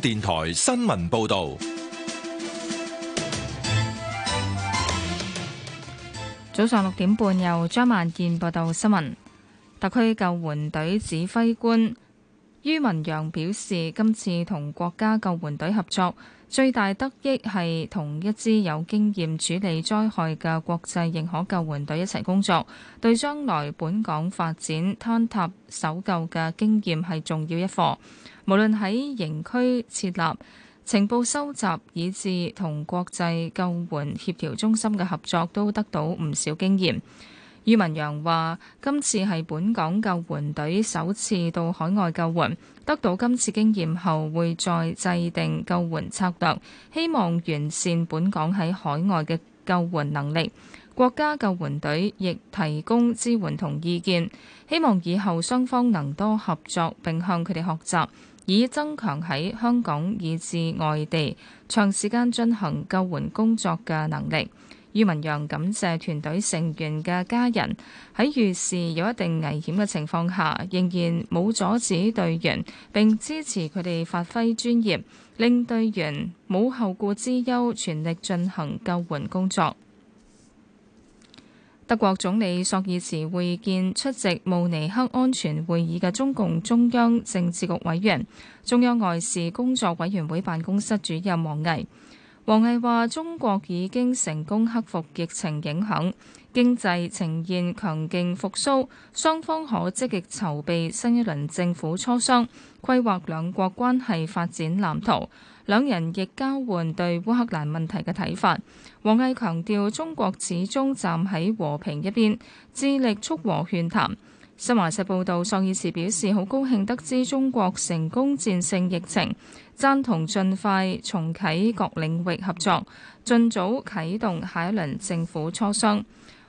電台新聞報道，早上六點半由張萬健報道新聞。特區救援隊指揮官于文陽表示，今次同國家救援隊合作。最大得益係同一支有經驗處理災害嘅國際認可救援隊一齊工作，對將來本港發展坍塌搜救嘅經驗係重要一課。無論喺營區設立情報收集以，以至同國際救援協調中心嘅合作，都得到唔少經驗。于文洋話：今次係本港救援隊首次到海外救援，得到今次經驗後，會再制定救援策略，希望完善本港喺海外嘅救援能力。國家救援隊亦提供支援同意見，希望以後雙方能多合作並向佢哋學習，以增強喺香港以至外地長時間進行救援工作嘅能力。于文陽感謝團隊成員嘅家人喺遇事有一定危險嘅情況下，仍然冇阻止隊員，並支持佢哋發揮專業，令隊員冇後顧之憂，全力進行救援工作。德國總理朔爾茨會見出席慕尼黑安全會議嘅中共中央政治局委員、中央外事工作委員會辦公室主任王毅。王毅話：中國已經成功克服疫情影響，經濟呈現強勁復甦，雙方可積極籌備新一輪政府磋商，規劃兩國關係發展藍圖。兩人亦交換對烏克蘭問題嘅睇法。王毅強調：中國始終站喺和平一邊，致力促和勸談。新華社報道，索爾茨表示：好高興得知中國成功戰勝疫情。贊同盡快重啟各領域合作，盡早啟動下一輪政府磋商。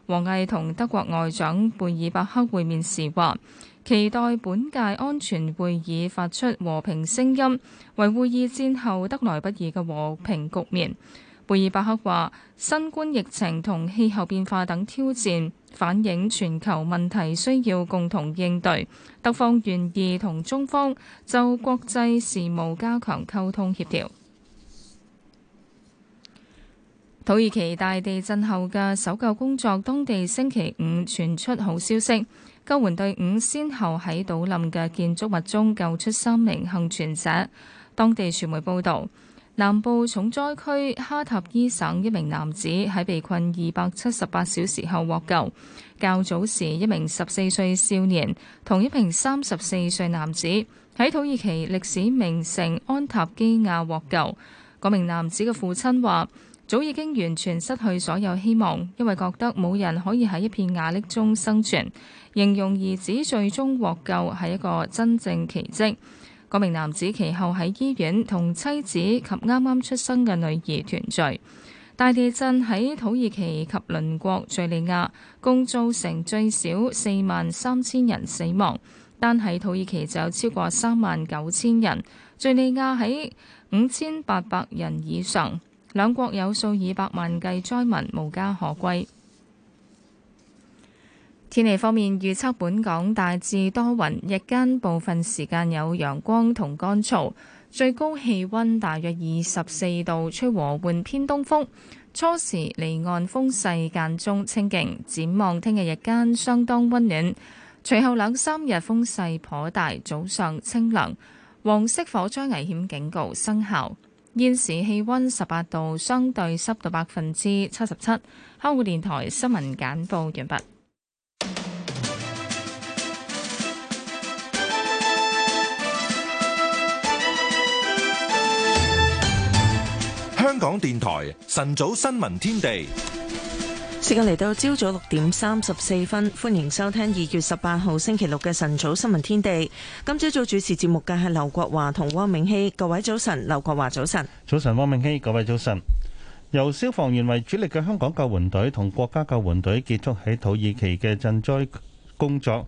王毅同德國外長貝爾伯克會面時話，期待本屆安全會議發出和平聲音，維護二戰後得來不易嘅和平局面。貝爾伯克話，新冠疫情同氣候變化等挑戰。反映全球問題需要共同應對，德方願意同中方就國際事務加強溝通協調。土耳其大地震後嘅搜救工作，當地星期五傳出好消息，救援隊伍先後喺倒冧嘅建築物中救出三名幸存者。當地傳媒報導。南部重災區哈塔伊省一名男子喺被困二百七十八小時後獲救。較早時一名十四歲少年同一名三十四歲男子喺土耳其歷史名城安塔基亞獲救。嗰名男子嘅父親話早已經完全失去所有希望，因為覺得冇人可以喺一片瓦礫中生存，形容兒子最終獲救係一個真正奇蹟。嗰名男子其後喺醫院同妻子及啱啱出生嘅女兒團聚。大地震喺土耳其及鄰國敘利亞共造成最少四萬三千人死亡，單喺土耳其就有超過三萬九千人，敘利亞喺五千八百人以上。兩國有數以百萬計災民無家可歸。天氣方面，預測本港大致多雲，日間部分時間有陽光同乾燥，最高氣温大約二十四度，吹和緩偏東風。初時離岸風勢間中清勁，展望聽日日間相當温暖，隨後兩三日風勢頗大，早上清涼。黃色火災危險警告生效。現時氣温十八度，相對濕度百分之七十七。香港電台新聞簡報完畢。香港電台晨早新聞天地，時間嚟到朝早六點三十四分，歡迎收聽二月十八號星期六嘅晨早新聞天地。今朝早主持節目嘅係劉國華同汪明熙。各位早晨，劉國華早晨，早晨汪明熙，各位早晨。由消防員為主力嘅香港救援隊同國家救援隊結束喺土耳其嘅賑災工作，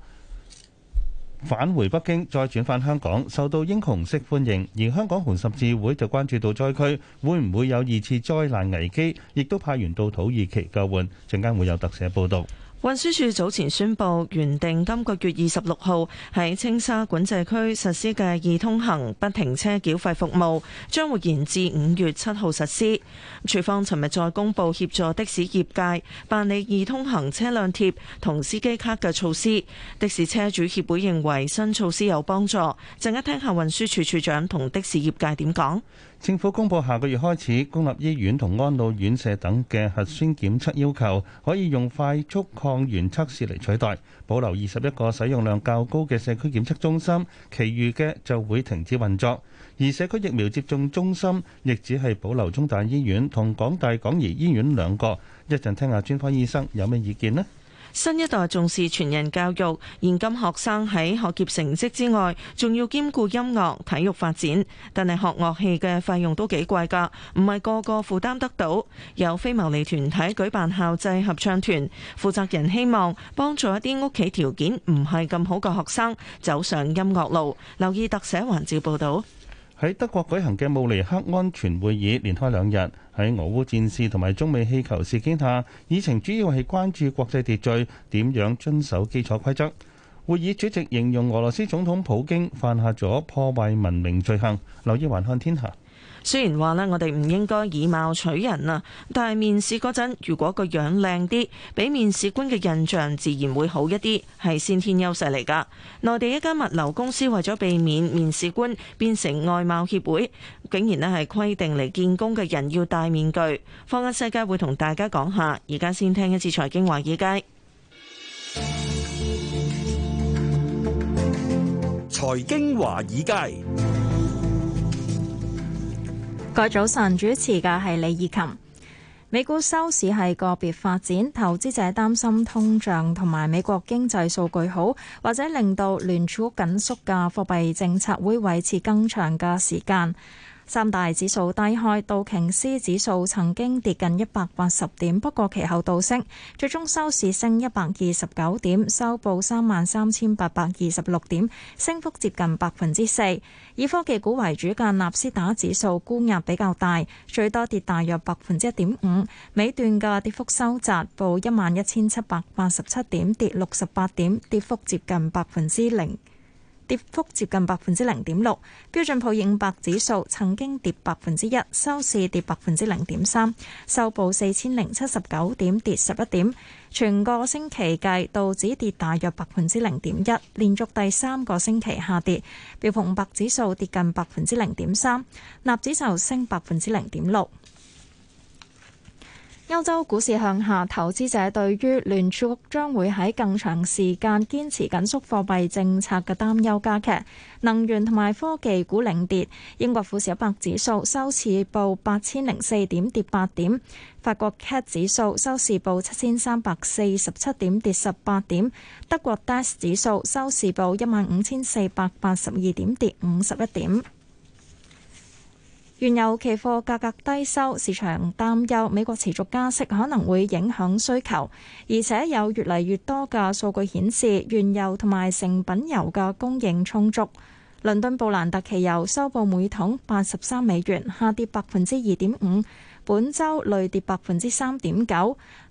返回北京，再轉返香港，受到英雄式歡迎。而香港紅十字會就關注到災區會唔會有二次災難危機，亦都派員到土耳其救援。陣間會有特寫報道。運輸署早前宣佈，原定今個月二十六號喺青沙管制區實施嘅易通行不停車繳費服務，將會延至五月七號實施。處方，尋日再公布協助的士業界辦理易通行車輛貼同司機卡嘅措施。的士車主協會認為新措施有幫助，陣間聽下運輸署署長同的士業界點講。政府公布下個月開始，公立醫院同安老院舍等嘅核酸檢測要求可以用快速抗原測試嚟取代，保留二十一個使用量較高嘅社區檢測中心，其餘嘅就會停止運作。而社區疫苗接種中心亦只係保留中大醫院同港大港怡醫院兩個。一陣聽下專科醫生有咩意見呢？新一代重視全人教育，現今學生喺學業成績之外，仲要兼顧音樂體育發展。但係學樂器嘅費用都幾貴噶，唔係個個負擔得到。有非牟利團體舉辦校際合唱團，負責人希望幫助一啲屋企條件唔係咁好嘅學生走上音樂路。留意特寫環照報道。喺德國舉行嘅慕尼黑安全會議連開兩日，喺俄烏戰事同埋中美氣球事件下，議程主要係關注國際秩序點樣遵守基礎規則。會議主席形容俄羅斯總統普京犯下咗破壞文明罪行。留意《還看天下》。雖然話咧，我哋唔應該以貌取人啊，但係面試嗰陣，如果個樣靚啲，俾面試官嘅印象自然會好一啲，係先天優勢嚟噶。內地一家物流公司為咗避免面試官變成外貌協會，竟然咧係規定嚟見工嘅人要戴面具。放眼世界會同大家講下，而家先聽一次財經華爾街。財經華爾街。各位早晨，主持嘅係李以琴。美股收市係個別發展，投資者擔心通脹同埋美國經濟數據好，或者令到聯儲緊縮嘅貨幣政策會維持更長嘅時間。三大指數低開，道瓊斯指數曾經跌近一百八十點，不過其後倒升，最終收市升一百二十九點，收報三萬三千八百二十六點，升幅接近百分之四。以科技股為主嘅納斯達克指數沽壓比較大，最多跌大約百分之一點五，尾段嘅跌幅收窄，報一萬一千七百八十七點，跌六十八點，跌幅接近百分之零。跌幅接近百分之零點六，標準普爾500指數曾經跌百分之一，收市跌百分之零點三，收報四千零七十九點，跌十一點。全個星期計，道指跌大約百分之零點一，連續第三個星期下跌。標普五百指數跌近百分之零點三，納指就升百分之零點六。歐洲股市向下，投資者對於聯儲局將會喺更長時間堅持緊縮貨幣政策嘅擔憂加劇。能源同埋科技股領跌，英國富時一百指數收市報八千零四點，跌八點；法國 CAC 指數收市報七千三百四十七點，跌十八點；德國 DAX 指數收市報一萬五千四百八十二點，跌五十一點。原油期貨價格低收，市場擔憂美國持續加息可能會影響需求，而且有越嚟越多嘅數據顯示，原油同埋成品油嘅供應充足。倫敦布蘭特期油收報每桶八十三美元，下跌百分之二點五，本周累跌百分之三點九。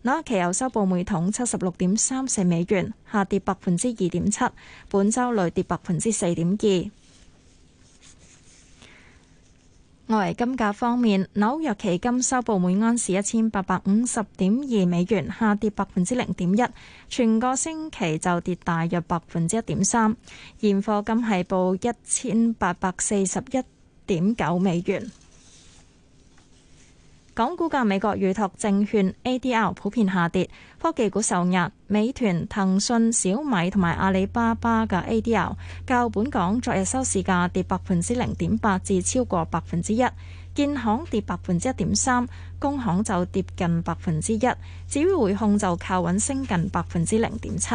紐約期油收報每桶七十六點三四美元，下跌百分之二點七，本周累跌百分之四點二。外圍金價方面，紐約期金收報每安士一千八百五十點二美元，下跌百分之零點一，全個星期就跌大約百分之一點三。現貨金係報一千八百四十一點九美元。港股嘅美國預託證券 ADR 普遍下跌，科技股受壓，美團、騰訊、小米同埋阿里巴巴嘅 ADR 較本港昨日收市價跌百分之零點八至超過百分之一，建行跌百分之一點三，工行就跌近百分之一，至於匯控就靠穩升近百分之零點七。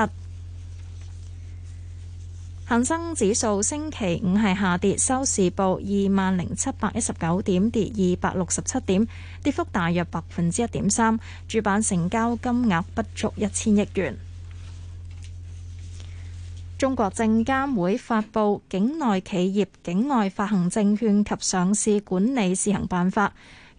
恒生指數星期五係下跌，收市報二萬零七百一十九點，跌二百六十七點，跌幅大約百分之一點三。主板成交金額不足一千億元。中國證監會發布《境內企業境外發行證券及上市管理試行辦法》，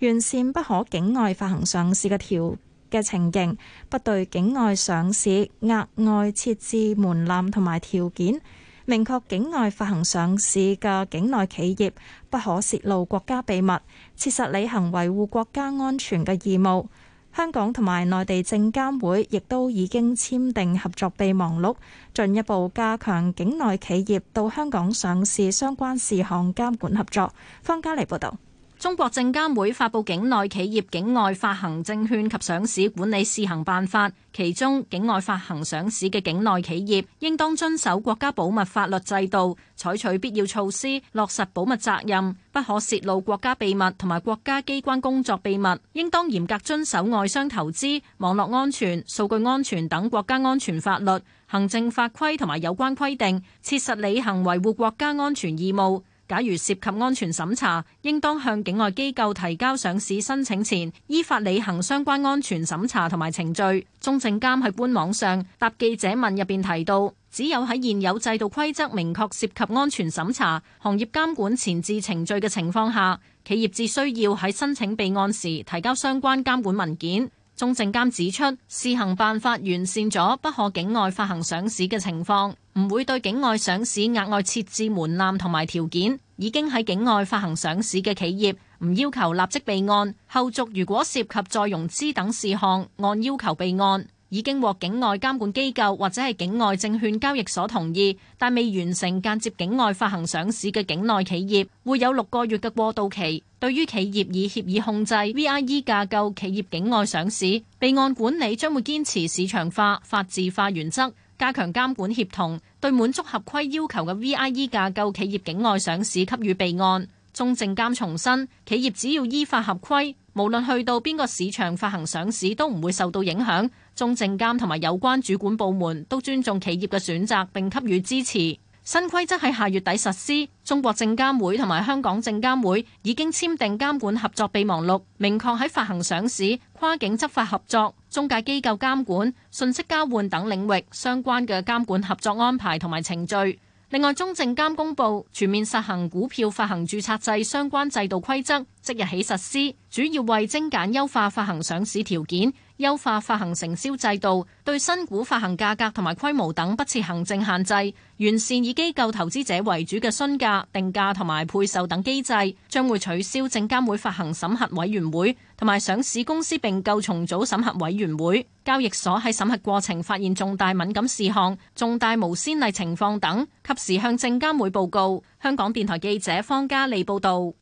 完善不可境外發行上市嘅條嘅情形，不對境外上市額外設置門檻同埋條件。明確境外發行上市嘅境內企業不可洩露國家秘密，切實履行維護國家安全嘅義務。香港同埋內地證監會亦都已經簽訂合作備忘錄，進一步加強境內企業到香港上市相關事項監管合作。方嘉莉報道。中國證監會發布境內企業境外發行證券及上市管理試行辦法，其中境外發行上市嘅境內企業，應當遵守國家保密法律制度，採取必要措施，落實保密責任，不可泄露國家秘密同埋國家機關工作秘密，應當嚴格遵守外商投資、網絡安全、數據安全等國家安全法律、行政法規同埋有關規定，切實履行維護國家安全義務。假如涉及安全審查，應當向境外機構提交上市申請前，依法履行相關安全審查同埋程序。中證監喺官網上答記者問入邊提到，只有喺現有制度規則明確涉及安全審查、行業監管前置程序嘅情況下，企業只需要喺申請備案時提交相關監管文件。中證監指出，試行辦法完善咗不可境外發行上市嘅情況。唔會對境外上市額外設置門檻同埋條件，已經喺境外發行上市嘅企業唔要求立即備案，後續如果涉及再融資等事項，按要求備案。已經獲境外監管機構或者係境外證券交易所同意，但未完成間接境外發行上市嘅境內企業，會有六個月嘅過渡期。對於企業以協議控制、VIE 架構企業境外上市，備案管理將會堅持市場化、法治化原則。加強監管協同，對滿足合規要求嘅 VIE 架構企業境外上市給予備案。中證監重申，企業只要依法合規，無論去到邊個市場發行上市都唔會受到影響。中證監同埋有關主管部門都尊重企業嘅選擇，並給予支持。新規則喺下月底實施。中國證監會同埋香港證監會已經簽訂監管合作備忘錄，明確喺發行上市跨境執法合作，中介機構監管、信息交換等領域相關嘅監管合作安排同埋程序。另外，中證監公布全面實行股票發行註冊制相關制度規則，即日起實施，主要為精簡優化發行上市條件。優化發行承銷制度，對新股發行價格同埋規模等不設行政限制，完善以機構投資者為主嘅詢價、定價同埋配售等機制，將會取消證監會發行審核委員會同埋上市公司併購重組審核委員會，交易所喺審核過程發現重大敏感事項、重大無先例情況等，及時向證監會報告。香港電台記者方嘉莉報道。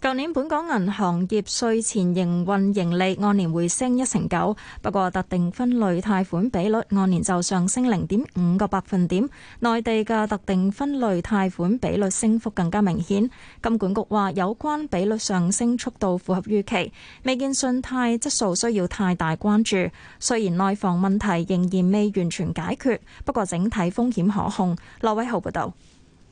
舊年本港銀行業,稅前營運盈利,按年回升一成九,不過特定分類貸款比率按年就上升零點五個百分點,內地的特定分類貸款比率升幅更加明顯,金管局話有關比率上升速度符合預期,未見信貸質素需要太大關注,雖然內房問題仍然未完全解決,不過整體風險可控,羅偉豪報導。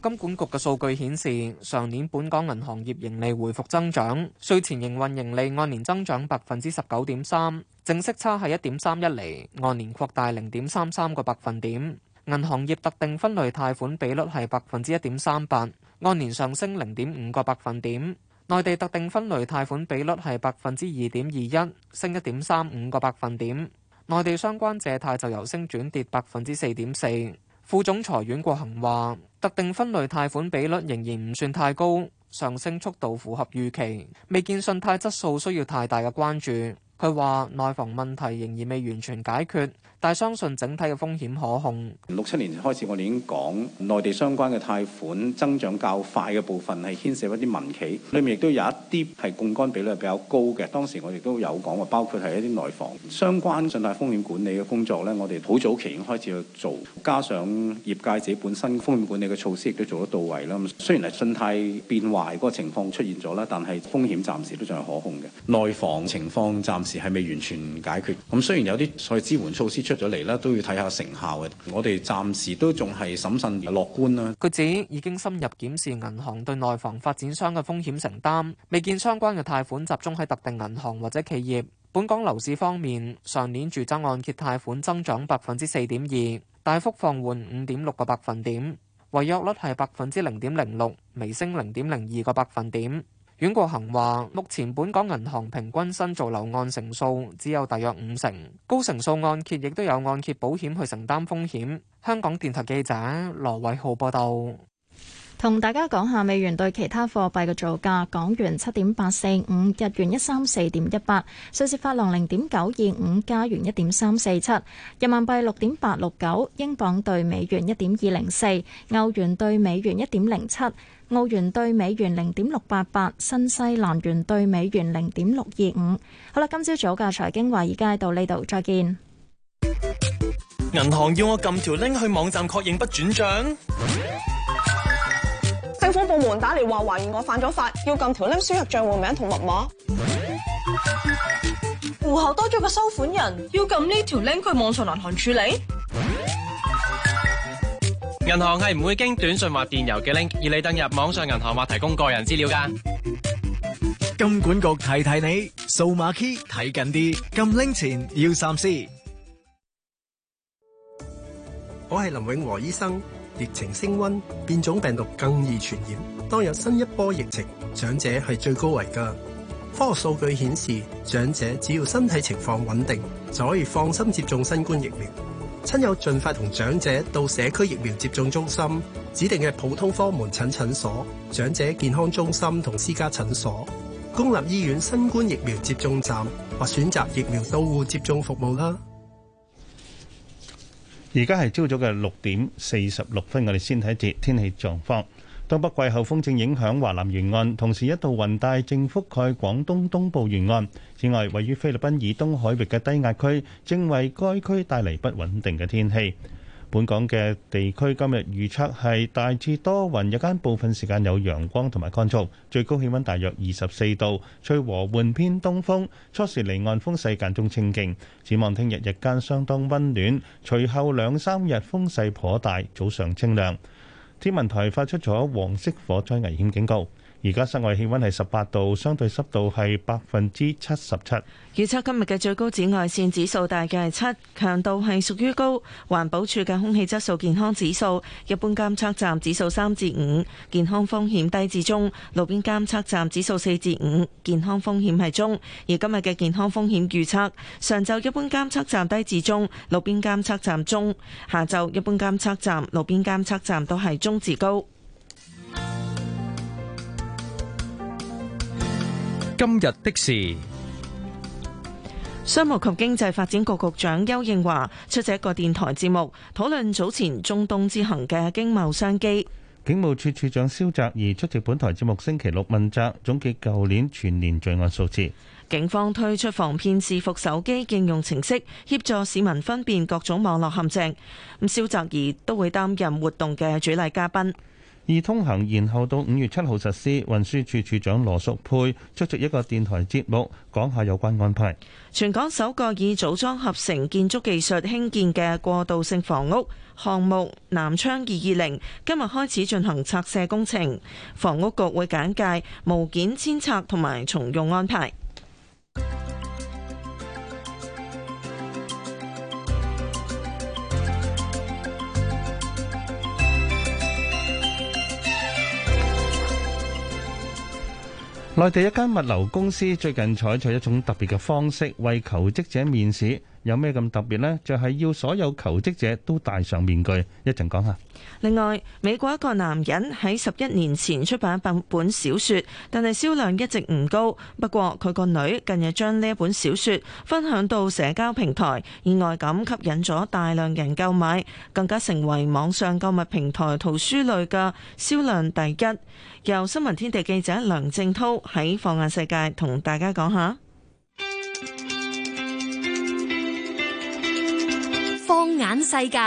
金管局嘅數據顯示，上年本港銀行業盈利回復增長，稅前營運盈利按年增長百分之十九點三，淨息差係一點三一厘，按年擴大零點三三個百分點。銀行業特定分類貸款比率係百分之一點三八，按年上升零點五個百分點。內地特定分類貸款比率係百分之二點二一，升一點三五個百分點。內地相關借貸就由升轉跌百分之四點四。副總裁阮國恆話。特定分類貸款比率仍然唔算太高，上升速度符合預期，未見信貸質素需要太大嘅關注。佢話內房問題仍然未完全解決，但係相信整體嘅風險可控。六七年前開始，我哋已經講內地相關嘅貸款增長較快嘅部分係牽涉一啲民企，裡面亦都有一啲係槓桿比率比較高嘅。當時我哋都有講過，包括係一啲內房相關信貸風險管理嘅工作咧，我哋好早期已經開始去做，加上業界自己本身風險管理嘅措施亦都做得到位啦。雖然係信貸變壞個情況出現咗啦，但係風險暫時都仲係可控嘅。內房情況暫時係未完全解決，咁雖然有啲所謂支援措施出咗嚟啦，都要睇下成效嘅。我哋暫時都仲係審慎樂觀啊，佢指已經深入檢視銀行對內房發展商嘅風險承擔，未見相關嘅貸款集中喺特定銀行或者企業。本港樓市方面，上年住宅按揭貸款增長百分之四點二，大幅放緩五點六個百分點，違約率係百分之零點零六，微升零點零二個百分點。阮國恒話：目前本港銀行平均新造樓按成數只有大約五成，高成數按揭亦都有按揭保險去承擔風險。香港電台記者羅偉浩報道。同大家講下美元對其他貨幣嘅造價，港元七點八四五，日元一三四點一八，瑞士法郎零點九二五，加元一點三四七，人民幣六點八六九，英鎊兌美元一點二零四，歐元兌美元一點零七，澳元兌美元零點六八八，新西蘭元兌美元零點六二五。好啦，今朝早嘅財經華爾街到呢度再見。銀行要我撳條 link 去網站確認不轉賬。政府部門打嚟話懷疑我犯咗法，要撳條 link 輸入賬戶名同密碼。戶口多咗個收款人，要撳呢條 link 去網上銀行處理。銀行係唔會經短信或電郵嘅 link，而你登入網上銀行或提供個人資料噶。金管局提提你，數碼 key 睇緊啲，撳 link 前要三思。我係林永和醫生。疫情升溫，變種病毒更易傳染。當有新一波疫情，長者係最高危噶。科學數據顯示，長者只要身體情況穩定，就可以放心接種新冠疫苗。親友盡快同長者到社區疫苗接種中心、指定嘅普通科門診診所、長者健康中心同私家診所、公立醫院新冠疫苗接種站或選擇疫苗到戶接種服務啦。而家係朝早嘅六點四十六分，我哋先睇一節天氣狀況。東北季候風正影響華南沿岸，同時一道雲帶正覆蓋廣東東部沿岸。此外，位於菲律賓以東海域嘅低壓區正為該區帶嚟不穩定嘅天氣。本港嘅地區今日預測係大致多雲，日間部分時間有陽光同埋乾燥，最高氣溫大約二十四度，吹和緩偏東風，初時離岸風勢間中清勁。展望聽日日間相當溫暖，隨後兩三日風勢頗大，早上清涼。天文台發出咗黃色火災危險警告。而家室外氣溫係十八度，相對濕度係百分之七十七。預測今日嘅最高紫外線指數大概係七，強度係屬於高。環保署嘅空氣質素健康指數，一般監測站指數三至五，健康風險低至中；路邊監測站指數四至五，健康風險係中。而今日嘅健康風險預測，上晝一般監測站低至中，路邊監測站中；下晝一般監測站、路邊監測站都係中至高。今日的事，商務及經濟發展局局長邱應華出席一個電台節目，討論早前中東之行嘅經貿商機。警務處處長蕭澤怡出席本台節目星期六問責，總結舊年全年罪案數字。警方推出防騙視伏手機應用程式，協助市民分辨各種網絡陷阱，咁蕭澤怡都會擔任活動嘅主禮嘉賓。易通行，然後到五月七號實施。運輸署署長羅淑佩出席一個電台節目，講下有關安排。全港首個以組裝合成建築技術興建嘅過渡性房屋項目南昌二二零，今日開始進行拆卸工程。房屋局會簡介無件遷拆同埋重用安排。內地一間物流公司最近採取一種特別嘅方式，為求職者面試。有咩咁特別呢？就係要所有求職者都戴上面具。一陣講下。另外，美國一個男人喺十一年前出版一本小説，但係銷量一直唔高。不過佢個女近日將呢一本小説分享到社交平台，意外咁吸引咗大量人購買，更加成為網上購物平台圖書類嘅銷量第一。由新聞天地記者梁正濤喺放眼世界同大家講下。放眼世界，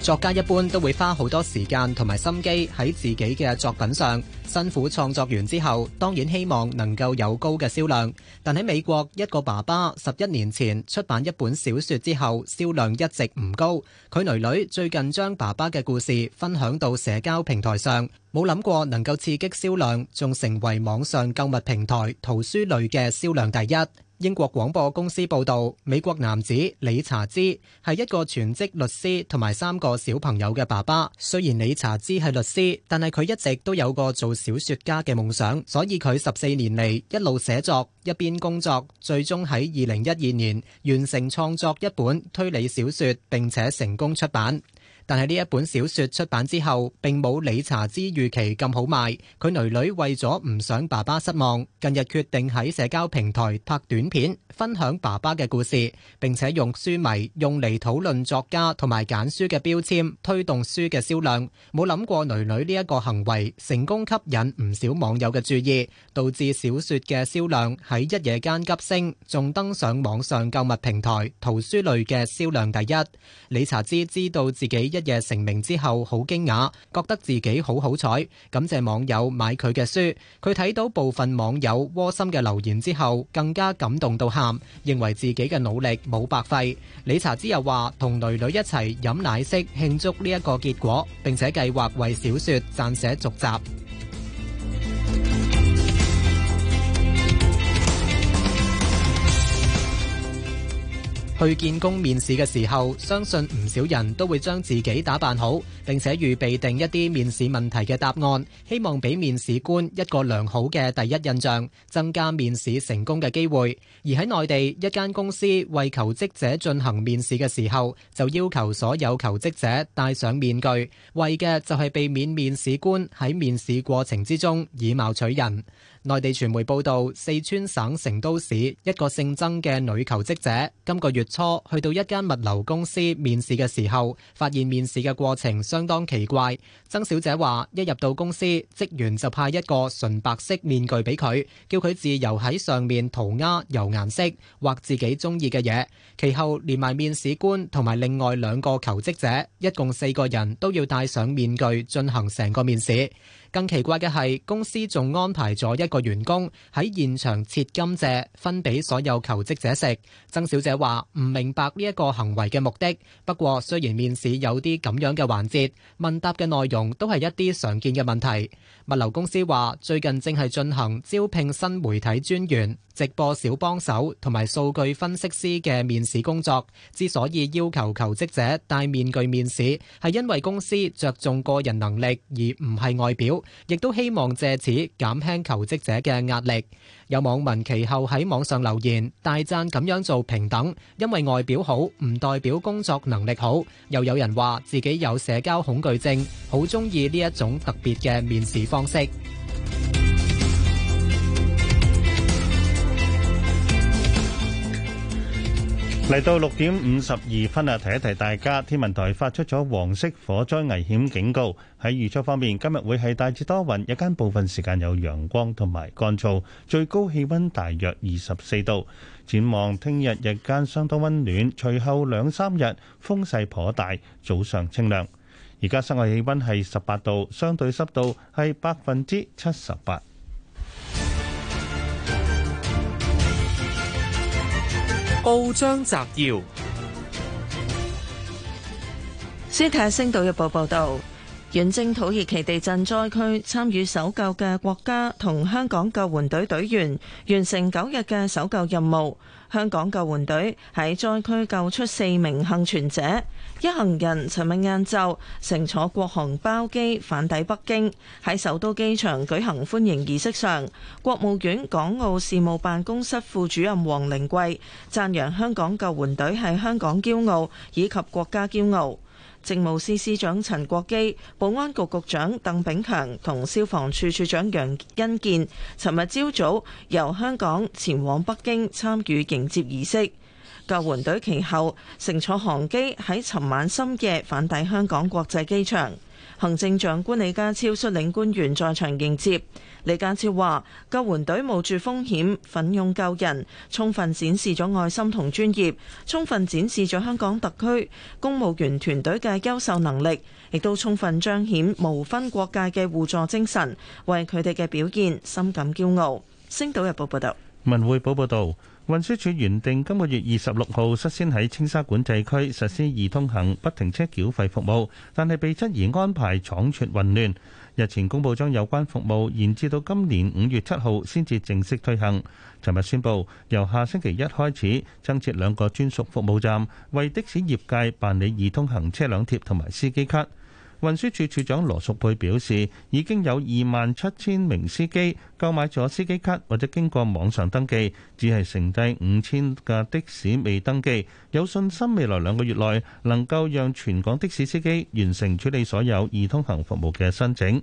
作家一般都會花好多時間同埋心機喺自己嘅作品上。辛苦創作完之後，當然希望能夠有高嘅銷量。但喺美國，一個爸爸十一年前出版一本小說之後，銷量一直唔高。佢女女最近將爸爸嘅故事分享到社交平台上，冇諗過能夠刺激銷量，仲成為網上購物平台圖書類嘅銷量第一。英國廣播公司報道，美國男子理查茲係一個全職律師同埋三個小朋友嘅爸爸。雖然理查茲係律師，但係佢一直都有個做小說家嘅夢想，所以佢十四年嚟一路寫作，一邊工作，最終喺二零一二年完成創作一本推理小說，並且成功出版。但係呢一本小説出版之後，並冇理查茲預期咁好賣。佢囡囡為咗唔想爸爸失望，近日決定喺社交平台拍短片，分享爸爸嘅故事，並且用書迷用嚟討論作家同埋揀書嘅標籤推動書嘅銷量。冇諗過囡囡呢一個行為成功吸引唔少網友嘅注意，導致小説嘅銷量喺一夜間急升，仲登上網上購物平台圖書類嘅銷量第一。理查茲知道自己一夜成名之後，好驚訝，覺得自己好好彩，感謝網友買佢嘅書。佢睇到部分網友窩心嘅留言之後，更加感動到喊，認為自己嘅努力冇白費。理查之又話，同女女一齊飲奶昔慶祝呢一個結果，並且計劃為小說撰寫續集。去見工面試嘅時候，相信唔少人都會將自己打扮好，並且預備定一啲面試問題嘅答案，希望俾面試官一個良好嘅第一印象，增加面試成功嘅機會。而喺內地，一間公司為求職者進行面試嘅時候，就要求所有求職者戴上面具，為嘅就係避免面試官喺面試過程之中以貌取人。內地傳媒報道，四川省成都市一個姓曾嘅女求職者，今個月初去到一間物流公司面試嘅時候，發現面試嘅過程相當奇怪。曾小姐話，一入到公司，職員就派一個純白色面具俾佢，叫佢自由喺上面塗鴉、油顏色、畫自己中意嘅嘢。其後連埋面試官同埋另外兩個求職者，一共四個人都要戴上面具進行成個面試。更奇怪嘅係，公司仲安排咗一個員工喺現場切甘蔗，分俾所有求職者食。曾小姐話唔明白呢一個行為嘅目的。不過雖然面試有啲咁樣嘅環節，問答嘅內容都係一啲常見嘅問題。物流公司話最近正係進行招聘社交平新媒體專員,直播小幫手同埋數據分析師嘅面試工作,之所以要求求職者戴面具面試,係因為公司著重個人能力而唔係外表,亦都希望藉此減輕求職者嘅壓力,有網民其後喺網上留言,大讚咁樣做平等,因為外表好唔代表工作能力好,又有人話自己有社交恐懼症,好鍾意呢一種特別嘅面試方式嚟到六點五十二分啊！提一提大家，天文台發出咗黃色火災危險警告。喺預測方面，今日會係大致多雲，日間部分時間有陽光同埋乾燥，最高氣溫大約二十四度。展望聽日日間相當溫暖，隨後兩三日風勢頗大，早上清涼。而家室外氣溫係十八度，相對濕度係百分之七十八。報章摘要：先睇下《星島日報》報道，遠征土耳其地震災區參與搜救嘅國家同香港救援隊隊員，完成九日嘅搜救任務。香港救援隊喺災區救出四名幸存者，一行人尋日晏晝乘坐國航包機返抵北京。喺首都機場舉行歡迎儀式上，國務院港澳事務辦公室副主任黃寧貴讚揚香港救援隊係香港驕傲以及國家驕傲。政務司司長陳國基、保安局局長鄧炳強同消防處處長楊恩健，尋日朝早由香港前往北京參與迎接儀式。救援隊其後乘坐航機喺尋晚深夜返抵香港國際機場。行政長官李家超率領官員在場迎接。李家超話：救援隊冒住風險奮勇救人，充分展示咗愛心同專業，充分展示咗香港特區公務員團隊嘅優秀能力，亦都充分彰顯無分國界嘅互助精神，為佢哋嘅表現深感驕傲。星島日報報道：「文匯報報道，運輸署原定今個月二十六號率先喺青沙管制區實施易通行不停車繳費服務，但係被質疑安排闖出混亂。日前公布將有關服務延至到今年五月七號先至正式推行。尋日宣布，由下星期一開始增設兩個專屬服務站，為的士業界辦理易通行車輛貼同埋司機卡。運輸署署長羅淑佩表示，已經有二萬七千名司機購買咗司機卡或者經過網上登記，只係剩低五千架的士未登記。有信心未來兩個月內能夠讓全港的士司機完成處理所有易通行服務嘅申請。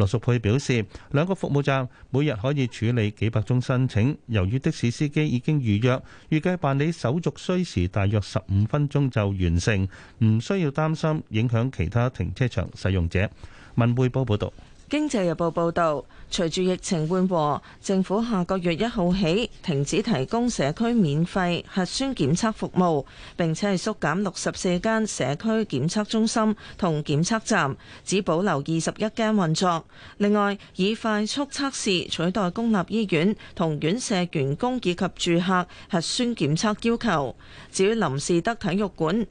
羅淑佩表示，兩個服務站每日可以處理幾百宗申請。由於的士司機已經預約，預計辦理手續需時大約十五分鐘就完成，唔需要擔心影響其他停車場使用者。文匯報報導。經濟日報報導，隨住疫情緩和，政府下個月一號起停止提供社區免費核酸檢測服務，並且係縮減六十四間社區檢測中心同檢測站，只保留二十一間運作。另外，以快速測試取代公立醫院同院舍員工以及住客核酸檢測要求。至於林士德體育館。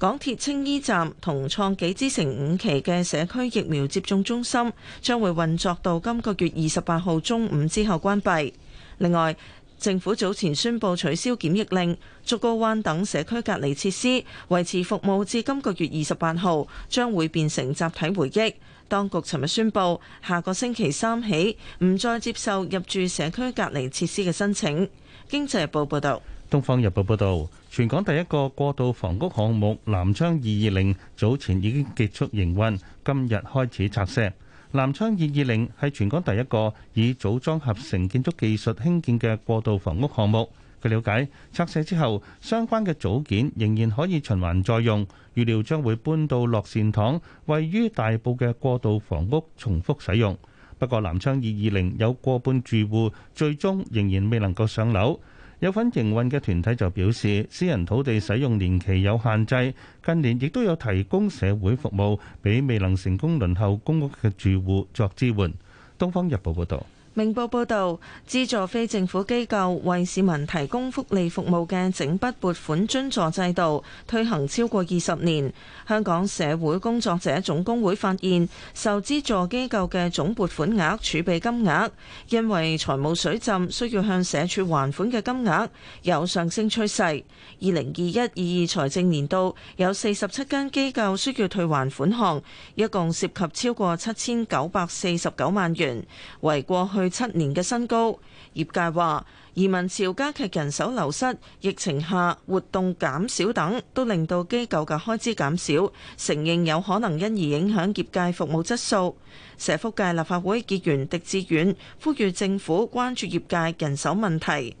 港鐵青衣站同創紀之城五期嘅社區疫苗接種中心將會運作到今個月二十八號中午之後關閉。另外，政府早前宣布取消檢疫令，竹篙灣等社區隔離設施維持服務至今個月二十八號，將會變成集體回憶。當局尋日宣布，下個星期三起唔再接受入住社區隔離設施嘅申請。經濟日報報道。東方日報報道。全港第一個過渡房屋項目南昌二二零早前已經結束營運，今日開始拆卸。南昌二二零係全港第一個以組裝合成建築技術興建嘅過渡房屋項目。據了解，拆卸之後，相關嘅組件仍然可以循環再用，預料將會搬到樂善堂位於大埔嘅過渡房屋重複使用。不過，南昌二二零有過半住戶最終仍然未能夠上樓。有份營運嘅團體就表示，私人土地使用年期有限制，近年亦都有提供社會服務，俾未能成功輪候公屋嘅住戶作支援。《東方日報》報道。明報報導，資助非政府機構為市民提供福利服務嘅整筆撥款津助制度推行超過二十年。香港社會工作者總工會發現，受資助機構嘅總撥款額儲備金額，因為財務水浸需要向社署還款嘅金額有上升趨勢。二零二一、二二財政年度有四十七間機構需要退還款項，一共涉及超過七千九百四十九萬元，為過去七年嘅新高，業界話移民潮加劇人手流失，疫情下活動減少等，都令到機構嘅開支減少，承認有可能因而影響業界服務質素。社福界立法會議員狄志遠呼籲政府關注業界人手問題。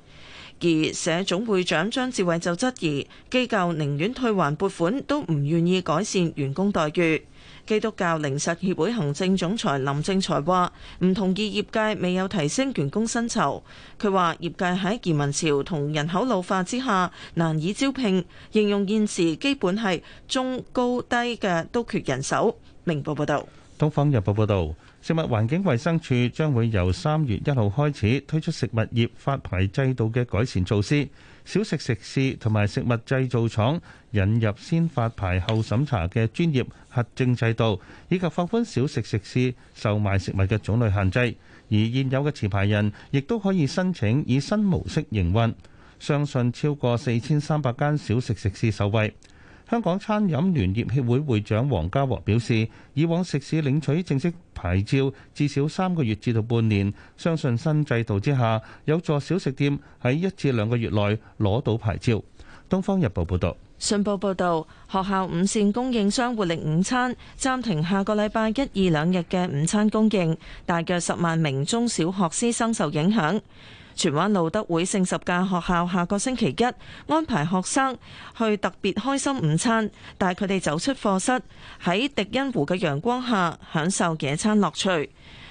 而社總會長張志偉就質疑機構寧願退還撥款，都唔願意改善員工待遇。基督教靈實協會行政總裁林正才話：唔同意業界未有提升員工薪酬。佢話業界喺移民潮同人口老化之下難以招聘，形容現時基本係中高低嘅都缺人手。明報報道，東方日報報道，食物環境衛生署將會由三月一號開始推出食物業發牌制度嘅改善措施。小食食肆同埋食物製造廠引入先發牌後審查嘅專業核證制度，以及放寬小食食肆售賣食物嘅種類限制，而現有嘅持牌人亦都可以申請以新模式營運。相信運，相信超過四千三百間小食食肆受惠。香港餐飲聯業協會會長黃家和表示，以往食肆領取正式牌照至少三個月至到半年，相信新制度之下有助小食店喺一至兩個月內攞到牌照。東方日報報道，信報報道，學校午膳供應商活力午餐暫停下個禮拜一、二兩日嘅午餐供應，大約十萬名中小學師生受影響。荃灣路德會聖十架學校，下個星期一安排學生去特別開心午餐，帶佢哋走出課室，喺迪欣湖嘅陽光下享受野餐樂趣。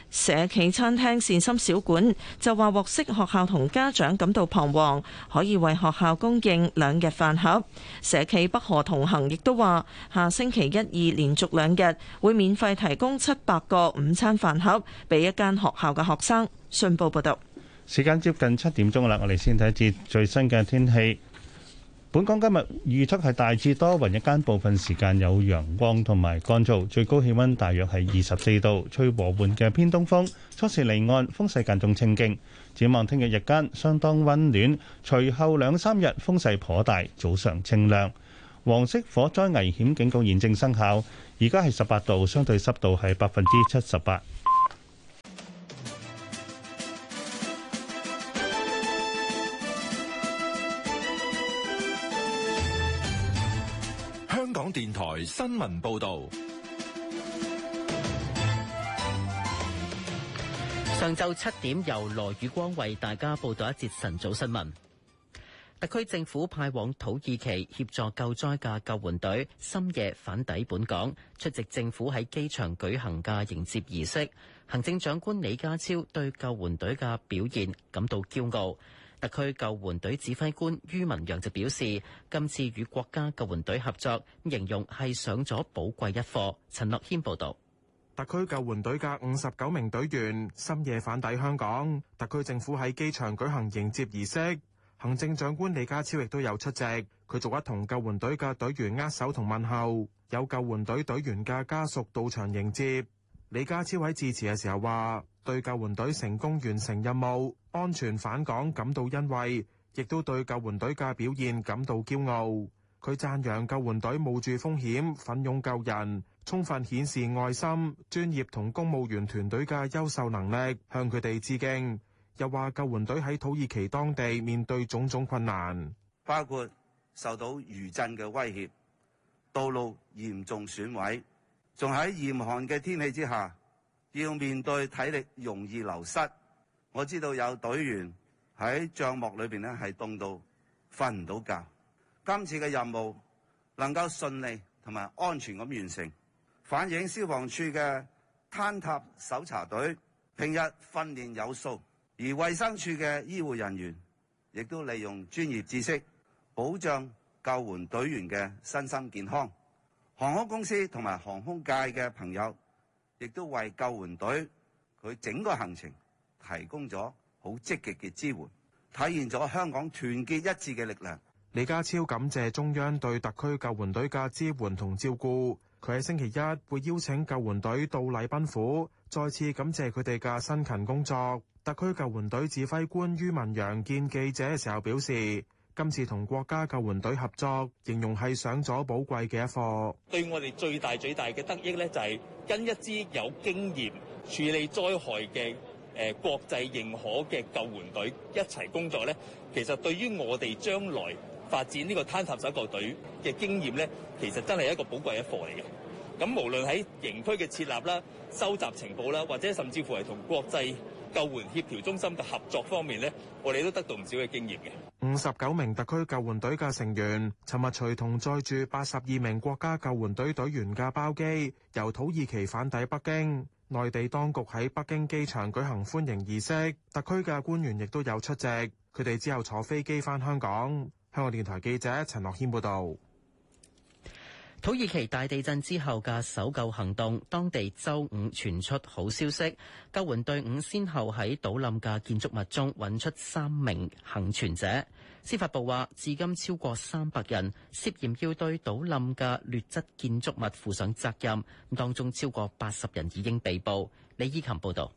社企餐廳善心小館就話獲悉學校同家長感到彷徨，可以為學校供應兩日飯盒。社企北河同行亦都話，下星期一、二連續兩日會免費提供七百個午餐飯盒俾一間學校嘅學生。信報報道。時間接近七點鐘啦，我哋先睇睇最新嘅天氣。本港今日預測係大致多雲，日間部分時間有陽光同埋乾燥，最高氣溫大約係二十四度，吹和緩嘅偏東風，初時離岸風勢間中清勁，展望聽日日間相當溫暖，隨後兩三日風勢頗大，早上清亮。黃色火災危險警告現正生效，而家係十八度，相對濕度係百分之七十八。香港電台新聞報道，上晝七點由羅宇光為大家報道一節晨早新聞。特區政府派往土耳其協助救災嘅救援隊深夜返抵本港，出席政府喺機場舉行嘅迎接儀式。行政長官李家超對救援隊嘅表現感到驕傲。特區救援隊指揮官于文陽就表示，今次與國家救援隊合作，形容係上咗寶貴一課。陳樂謙報道，特區救援隊嘅五十九名隊員深夜返抵香港，特區政府喺機場舉行迎接儀式，行政長官李家超亦都有出席，佢逐一同救援隊嘅隊員握手同問候，有救援隊隊員嘅家屬到場迎接。李家超喺致辭嘅時候話，對救援隊成功完成任務、安全返港感到欣慰，亦都對救援隊嘅表現感到驕傲。佢讚揚救援隊冒住風險、奮勇救人，充分顯示愛心、專業同公務員團隊嘅優秀能力，向佢哋致敬。又話救援隊喺土耳其當地面對種種困難，包括受到餘震嘅威脅、道路嚴重損毀。仲喺嚴寒嘅天氣之下，要面對體力容易流失。我知道有隊員喺帳幕裏邊咧係凍到瞓唔到覺。今次嘅任務能夠順利同埋安全咁完成，反映消防處嘅坍塌搜查隊平日訓練有素，而衛生署嘅醫護人員亦都利用專業知識保障救援隊員嘅身心健康。航空公司同埋航空界嘅朋友，亦都為救援隊佢整個行程提供咗好積極嘅支援，體現咗香港團結一致嘅力量。李家超感謝中央對特區救援隊嘅支援同照顧，佢喺星期一會邀請救援隊到禮賓府，再次感謝佢哋嘅辛勤工作。特區救援隊指揮官于文陽見記者嘅時候，表示。今次同國家救援隊合作，形容係上咗寶貴嘅一課。對我哋最大最大嘅得益呢，就係跟一支有經驗處理災害嘅誒國際認可嘅救援隊一齊工作呢。其實對於我哋將來發展呢個坍塌搜救隊嘅經驗呢，其實真係一個寶貴一課嚟嘅。咁無論喺營區嘅設立啦、收集情報啦，或者甚至乎係同國際救援協調中心嘅合作方面呢，我哋都得到唔少嘅經驗嘅。五十九名特區救援隊嘅成員，尋日隨同載住八十二名國家救援隊隊員嘅包機，由土耳其返抵北京。內地當局喺北京機場舉行歡迎儀式，特區嘅官員亦都有出席。佢哋之後坐飛機返香港。香港電台記者陳諾謙報導。土耳其大地震之後嘅搜救行動，當地週五傳出好消息，救援隊伍先後喺倒冧嘅建築物中搵出三名幸存者。司法部話，至今超過三百人涉嫌要對倒冧嘅劣質建築物負上責任，當中超過八十人已經被捕。李依琴報導。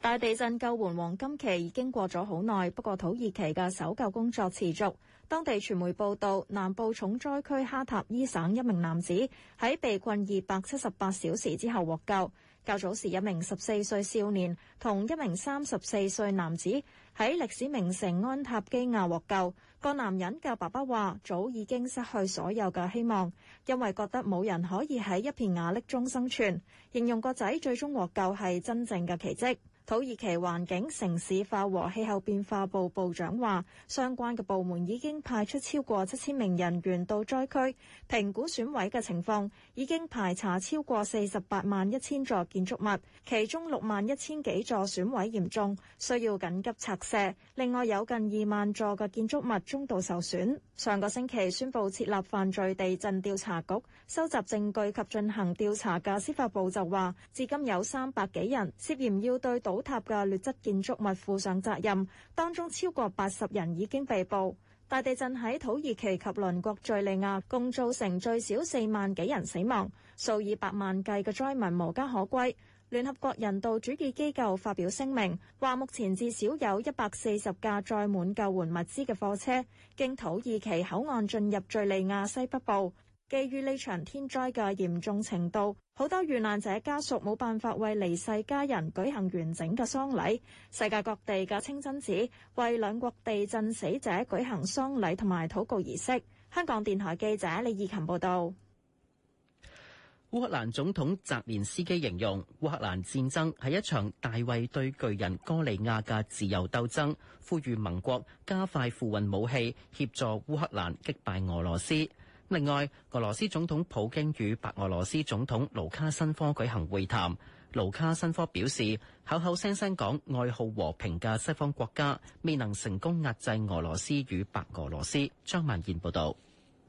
大地震救援黃金期已經過咗好耐，不過土耳其嘅搜救工作持續。當地傳媒報道，南部重災區哈塔伊省一名男子喺被困二百七十八小時之後獲救。較早時，一名十四歲少年同一名三十四歲男子喺歷史名城安塔基亞獲救。個男人嘅爸爸話：早已經失去所有嘅希望，因為覺得冇人可以喺一片瓦礫中生存。形容個仔最終獲救係真正嘅奇蹟。土耳其環境、城市化和氣候變化部部長話：相關嘅部門已經派出超過七千名人員到災區評估損毀嘅情況，已經排查超過四十八萬一千座建築物，其中六萬一千幾座損毀嚴重，需要緊急拆卸。另外有近二萬座嘅建築物中度受損。上個星期宣布設立犯罪地震調查局，收集證據及進行調查嘅司法部就話，至今有三百幾人涉嫌要對島塔嘅劣質建築物負上責任，當中超過八十人已經被捕。大地震喺土耳其及鄰國敘利亞共造成最少四萬幾人死亡，數以百萬計嘅災民無家可歸。聯合國人道主義機構發表聲明，話目前至少有一百四十架載滿救援物資嘅貨車經土耳其口岸進入敘利亞西北部。基於呢場天災嘅嚴重程度，好多遇難者家屬冇辦法為離世家人舉行完整嘅喪禮。世界各地嘅清真寺為兩國地震死者舉行喪禮同埋禱告儀式。香港電台記者李以琴報道。烏克蘭總統澤連斯基形容烏克蘭戰爭係一場大衞對巨人哥利亞嘅自由鬥爭，呼籲盟國加快付運武器協助烏克蘭擊敗俄羅斯。另外，俄羅斯總統普京與白俄羅斯總統盧卡申科舉行會談。盧卡申科表示，口口聲聲講愛好和平嘅西方國家，未能成功壓制俄羅斯與白俄羅斯。張萬賢報道。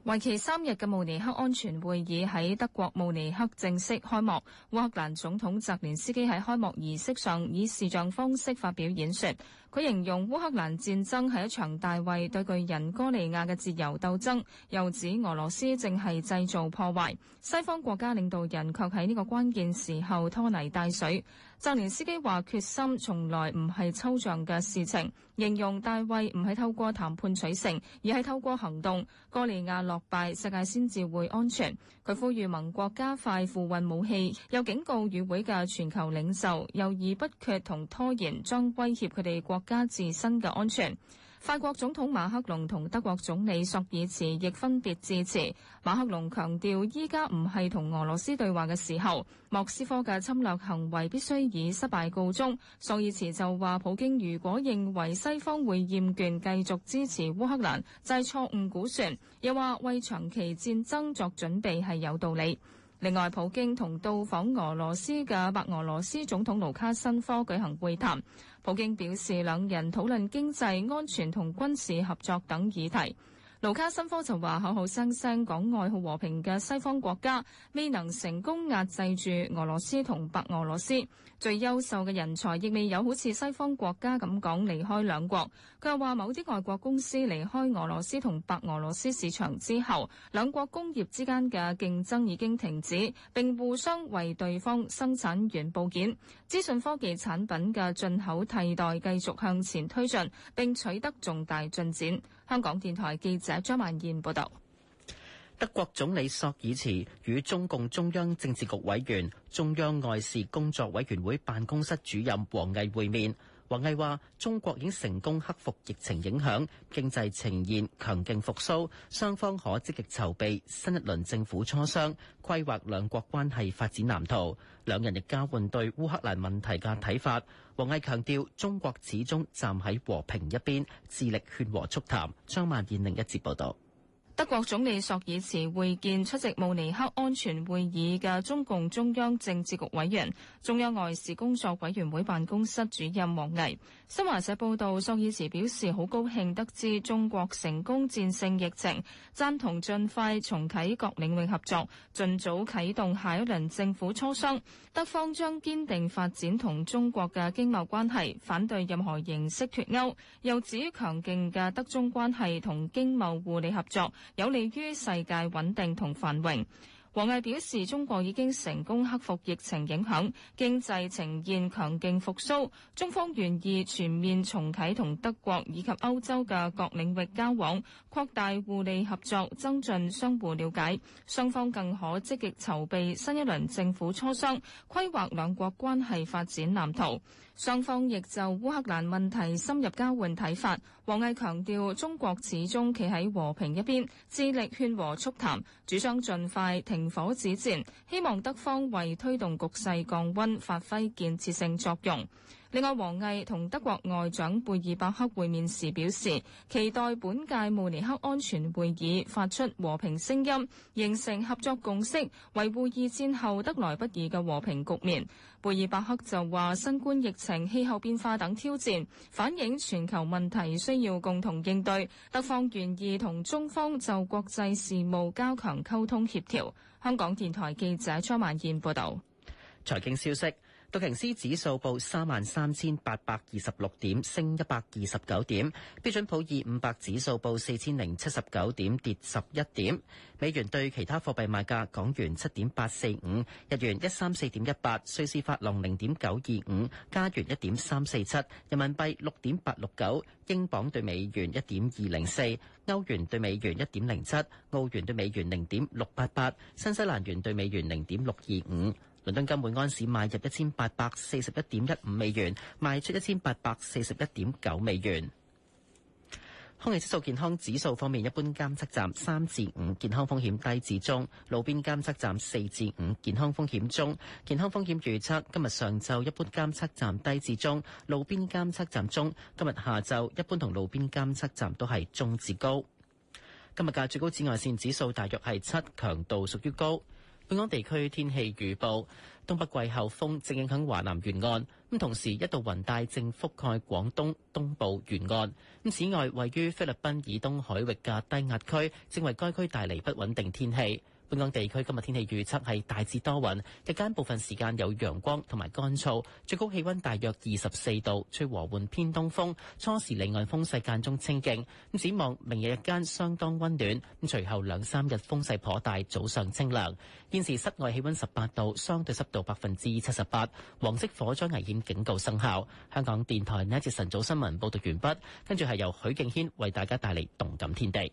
為期三日嘅慕尼黑安全會議喺德國慕尼黑正式開幕。烏克蘭總統澤連斯基喺開幕儀式上以視像方式發表演說，佢形容烏克蘭戰爭係一場大衛對巨人哥利亞嘅自由鬥爭，又指俄羅斯正係製造破壞，西方國家領導人卻喺呢個關鍵時候拖泥帶水。澤連斯基話決心從來唔係抽象嘅事情，形容大衛唔係透過談判取勝，而係透過行動。哥利亞落敗，世界先至會安全。佢呼籲盟國加快付運武器，又警告與會嘅全球領袖，猶豫不決同拖延將威脅佢哋國家自身嘅安全。法國總統馬克龍同德國總理索爾茨亦分別致辭。馬克龍強調，依家唔係同俄羅斯對話嘅時候，莫斯科嘅侵略行為必須以失敗告終。索爾茨就話，普京如果認為西方會厭倦繼續支持烏克蘭，就係錯誤估算。又話為長期戰爭作準備係有道理。另外，普京同到訪俄羅斯嘅白俄羅斯總統盧卡申科舉行會談。普京表示，兩人討論經濟、安全同軍事合作等議題。盧卡申科就話：口口聲聲講愛好和平嘅西方國家，未能成功壓制住俄羅斯同白俄羅斯，最優秀嘅人才亦未有好似西方國家咁講離開兩國。佢又話：某啲外國公司離開俄羅斯同白俄羅斯市場之後，兩國工業之間嘅競爭已經停止，並互相為對方生產原部件，資訊科技產品嘅進口替代繼續向前推進，並取得重大進展。香港電台記者張曼燕報道，德國總理索爾茨與中共中央政治局委員、中央外事工作委員會辦公室主任王毅會面。王毅話：中國已經成功克服疫情影響，經濟呈現強勁復甦，雙方可積極籌備新一輪政府磋商，規劃兩國關係發展藍圖。兩人亦交換對烏克蘭問題嘅睇法。王毅強調，中國始終站喺和平一邊，致力勸和促談。張萬燕另一節報道。德國總理朔爾茨會見出席慕尼黑安全會議嘅中共中央政治局委員、中央外事工作委員會辦公室主任王毅。新華社報道，朔爾茨表示好高興得知中國成功戰勝疫情，讚同盡快重啟各領域合作，盡早啟動下一輪政府磋商。德方將堅定發展同中國嘅經貿關係，反對任何形式脱歐。又指強勁嘅德中關係同經貿互利合作。有利於世界穩定同繁榮。王毅表示，中國已經成功克服疫情影響，經濟呈現強勁復蘇，中方願意全面重啟同德國以及歐洲嘅各領域交往，擴大互利合作，增進相互了解。雙方更可積極籌備新一輪政府磋商，規劃兩國關係發展藍圖。雙方亦就烏克蘭問題深入交換睇法。王毅強調，中國始終企喺和平一邊，致力勸和促談，主張盡快停火止戰，希望德方為推動局勢降温發揮建設性作用。另外，王毅同德國外長貝爾伯克會面時表示，期待本屆慕尼黑安全會議發出和平聲音，形成合作共識，維護二戰後得來不易嘅和平局面。貝爾伯克就話，新冠疫情、氣候變化等挑戰反映全球問題需要共同應對，德方願意同中方就國際事務加強溝通協調，香港電台記者張曼燕報道。財經消息。道瓊斯指數報三萬三千八百二十六點，升一百二十九點。標準普爾五百指數報四千零七十九點，跌十一點。美元對其他貨幣賣價：港元七點八四五，日元一三四點一八，瑞士法郎零點九二五，加元一點三四七，人民幣六點八六九，英鎊對美元一點二零四，歐元對美元一點零七，澳元對美元零點六八八，新西蘭元對美元零點六二五。倫敦金每安士買入一千八百四十一點一五美元，賣出一千八百四十一點九美元。空氣質素健康指數方面，一般監測站三至五，健康風險低至中；路邊監測站四至五，健康風險中。健康風險預測今日上晝一般監測站低至中，路邊監測站中；今日下晝一般同路邊監測站都係中至高。今日嘅最高紫外線指數大約係七，強度屬於高。本港地區天氣預報：東北季候風正影響華南沿岸，咁同時一道雲帶正覆蓋廣東東部沿岸。咁此外，位於菲律賓以東海域嘅低壓區，正為該區帶嚟不穩定天氣。本港地區今日天氣預測係大致多雲，日間部分時間有陽光同埋乾燥，最高氣温大約二十四度，吹和緩偏東風，初時離岸風勢間中清勁。咁展望明日日間相當温暖，咁隨後兩三日風勢頗大，早上清涼。現時室外氣温十八度，相對濕度百分之七十八，黃色火災危險警告生效。香港電台呢節晨早新聞報道完畢，跟住係由許敬軒為大家帶嚟動感天地。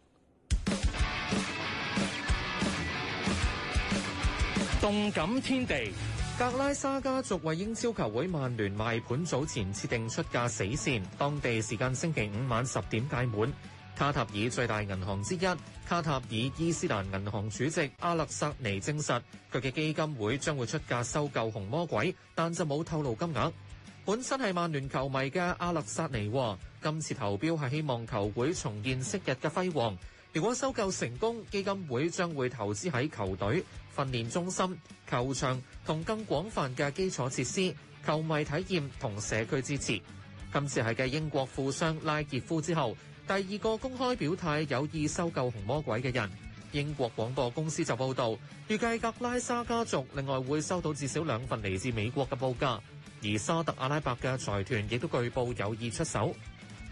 動感天地。格拉沙家族為英超球會曼聯賣，賣盤，早前設定出價死綫，當地時間星期五晚十點屆滿。卡塔爾最大銀行之一卡塔爾伊斯蘭銀行主席阿勒薩尼證實，佢嘅基金會將會出價收購紅魔鬼，但就冇透露金額。本身係曼聯球迷嘅阿勒薩尼話，今次投標係希望球會重現昔日嘅輝煌。如果收購成功，基金會將會投資喺球隊，訓練中心、球場同更廣泛嘅基礎設施、球迷體驗同社區支持。今次係繼英國富商拉傑夫之後第二個公開表態有意收購紅魔鬼嘅人。英國廣播公司就報道，預計格拉沙家族另外會收到至少兩份嚟自美國嘅報價。而沙特阿拉伯嘅財團亦都據報有意出手。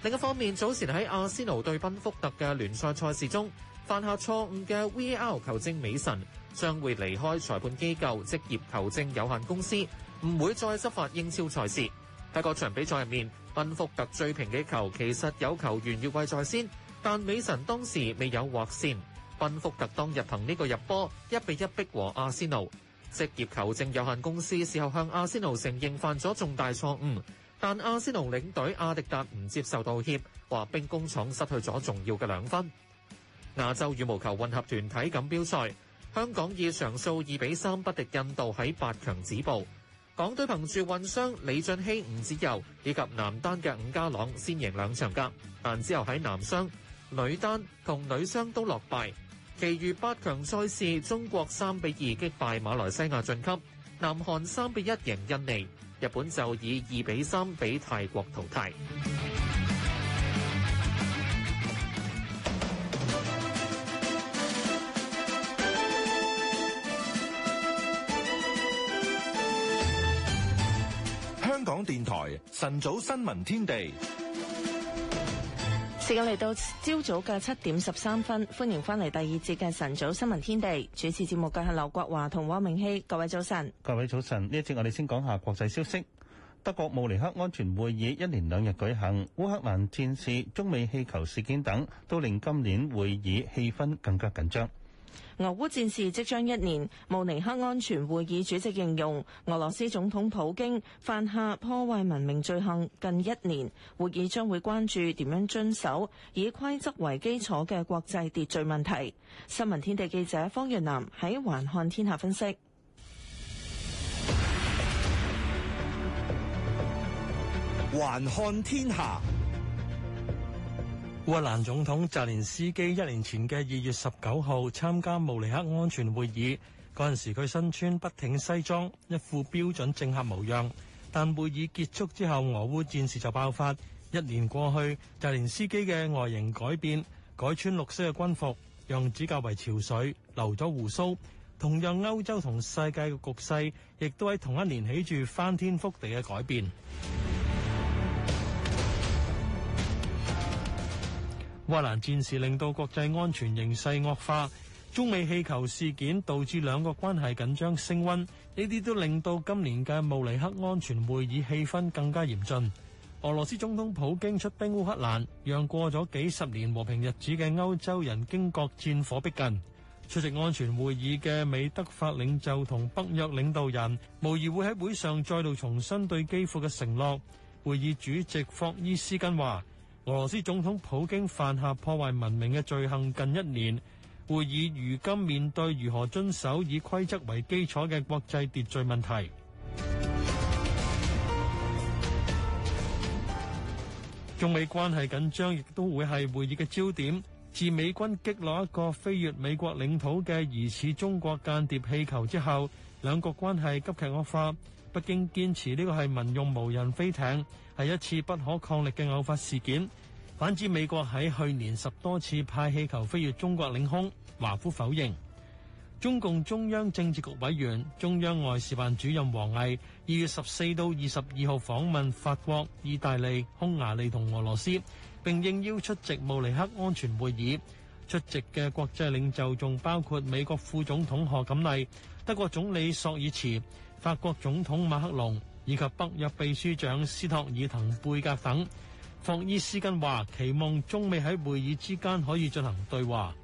另一方面，早前喺阿仙奴對賓福特嘅聯賽賽事中犯下錯誤嘅 V.R. 球證美神。將會離開裁判機構、職業球證有限公司，唔會再執法英超賽事。喺個場比賽入面，賓福特追平嘅球其實有球員越位在先，但美臣當時未有劃線。賓福特當日憑呢個入波一比一逼和阿仙奴。職業球證有限公司事後向阿仙奴承認犯咗重大錯誤，但阿仙奴領隊阿迪達唔接受道歉，話兵工廠失去咗重要嘅兩分。亞洲羽毛球混合團體錦標賽。香港以場數二比三不敵印度，喺八強止步。港隊憑住混雙李晉熙、吳芷柔以及男單嘅伍家朗先贏兩場架，但之後喺男雙、女單同女雙都落敗。其餘八強賽事，中國三比二擊敗馬來西亞晉級，南韓三比一贏印尼，日本就以二比三俾泰國淘汰。晨早新聞天地，時間嚟到朝早嘅七點十三分，歡迎翻嚟第二節嘅晨早新聞天地。主持節目嘅係劉國華同汪明熙。各位早晨，各位早晨。呢一節我哋先講下國際消息。德國慕尼黑安全會議一連兩日舉行，烏克蘭戰事、中美氣球事件等，都令今年會議氣氛更加緊張。俄烏戰事即將一年，慕尼黑安全會議主席形容俄羅斯總統普京犯下破壞文明罪行近一年。會議將會關注點樣遵守以規則為基礎嘅國際秩序問題。新聞天地記者方月南喺環看天下分析。環看天下。烏克蘭總統澤連斯基一年前嘅二月十九號參加慕尼黑安全會議，嗰陣時佢身穿筆挺西裝，一副標準政客模樣。但會議結束之後，俄烏戰事就爆發。一年過去，澤連斯基嘅外形改變，改穿綠色嘅軍服，樣子較為潮水，留咗鬍鬚。同樣，歐洲同世界嘅局勢亦都喺同一年起住翻天覆地嘅改變。烏克蘭戰事令到國際安全形勢惡化，中美氣球事件導致兩國關係緊張升溫，呢啲都令到今年嘅慕尼黑安全會議氣氛更加嚴峻。俄羅斯總統普京出兵烏克蘭，讓過咗幾十年和平日子嘅歐洲人驚覺戰火逼近。出席安全會議嘅美德法領袖同北約領導人，無疑會喺會上再度重新對基輔嘅承諾。會議主席霍伊斯根話。俄羅斯總統普京犯下破壞文明嘅罪行，近一年會議如今面對如何遵守以規則為基礎嘅國際秩序問題。中美關係緊張亦都會係會議嘅焦點。自美軍擊落一個飛越美國領土嘅疑似中國間諜氣球之後，兩國關係急劇惡化。北京堅持呢個係民用無人飛艇，係一次不可抗力嘅偶發事件。反之，美國喺去年十多次派氣球飛越中國領空，華府否認。中共中央政治局委員、中央外事辦主任王毅二月十四到二十二號訪問法國、意大利、匈牙利同俄羅斯，並應邀出席慕尼黑安全會議。出席嘅國際領袖仲包括美國副總統賀錦麗、德國總理朔爾茨。法國總統馬克龍以及北約祕書長斯托爾滕貝格等霍伊斯根話，期望中美喺會議之間可以進行對話。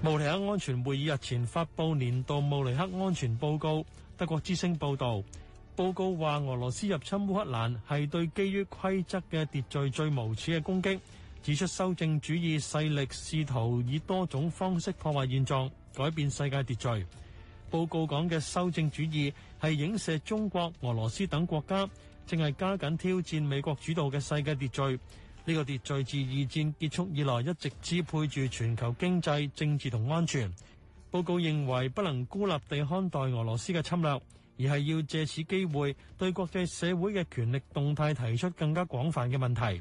慕尼黑安全會議日前發佈年度慕尼黑安全報告，德國之聲報道，報告話，俄羅斯入侵烏克蘭係對基於規則嘅秩序最無恥嘅攻擊，指出修正主義勢力試圖以多種方式破壞現狀。改變世界秩序。報告講嘅修正主義係影射中國、俄羅斯等國家，正係加緊挑戰美國主導嘅世界秩序。呢、這個秩序自二戰結束以來一直支配住全球經濟、政治同安全。報告認為不能孤立地看待俄羅斯嘅侵略，而係要借此機會對國際社會嘅權力動態提出更加廣泛嘅問題。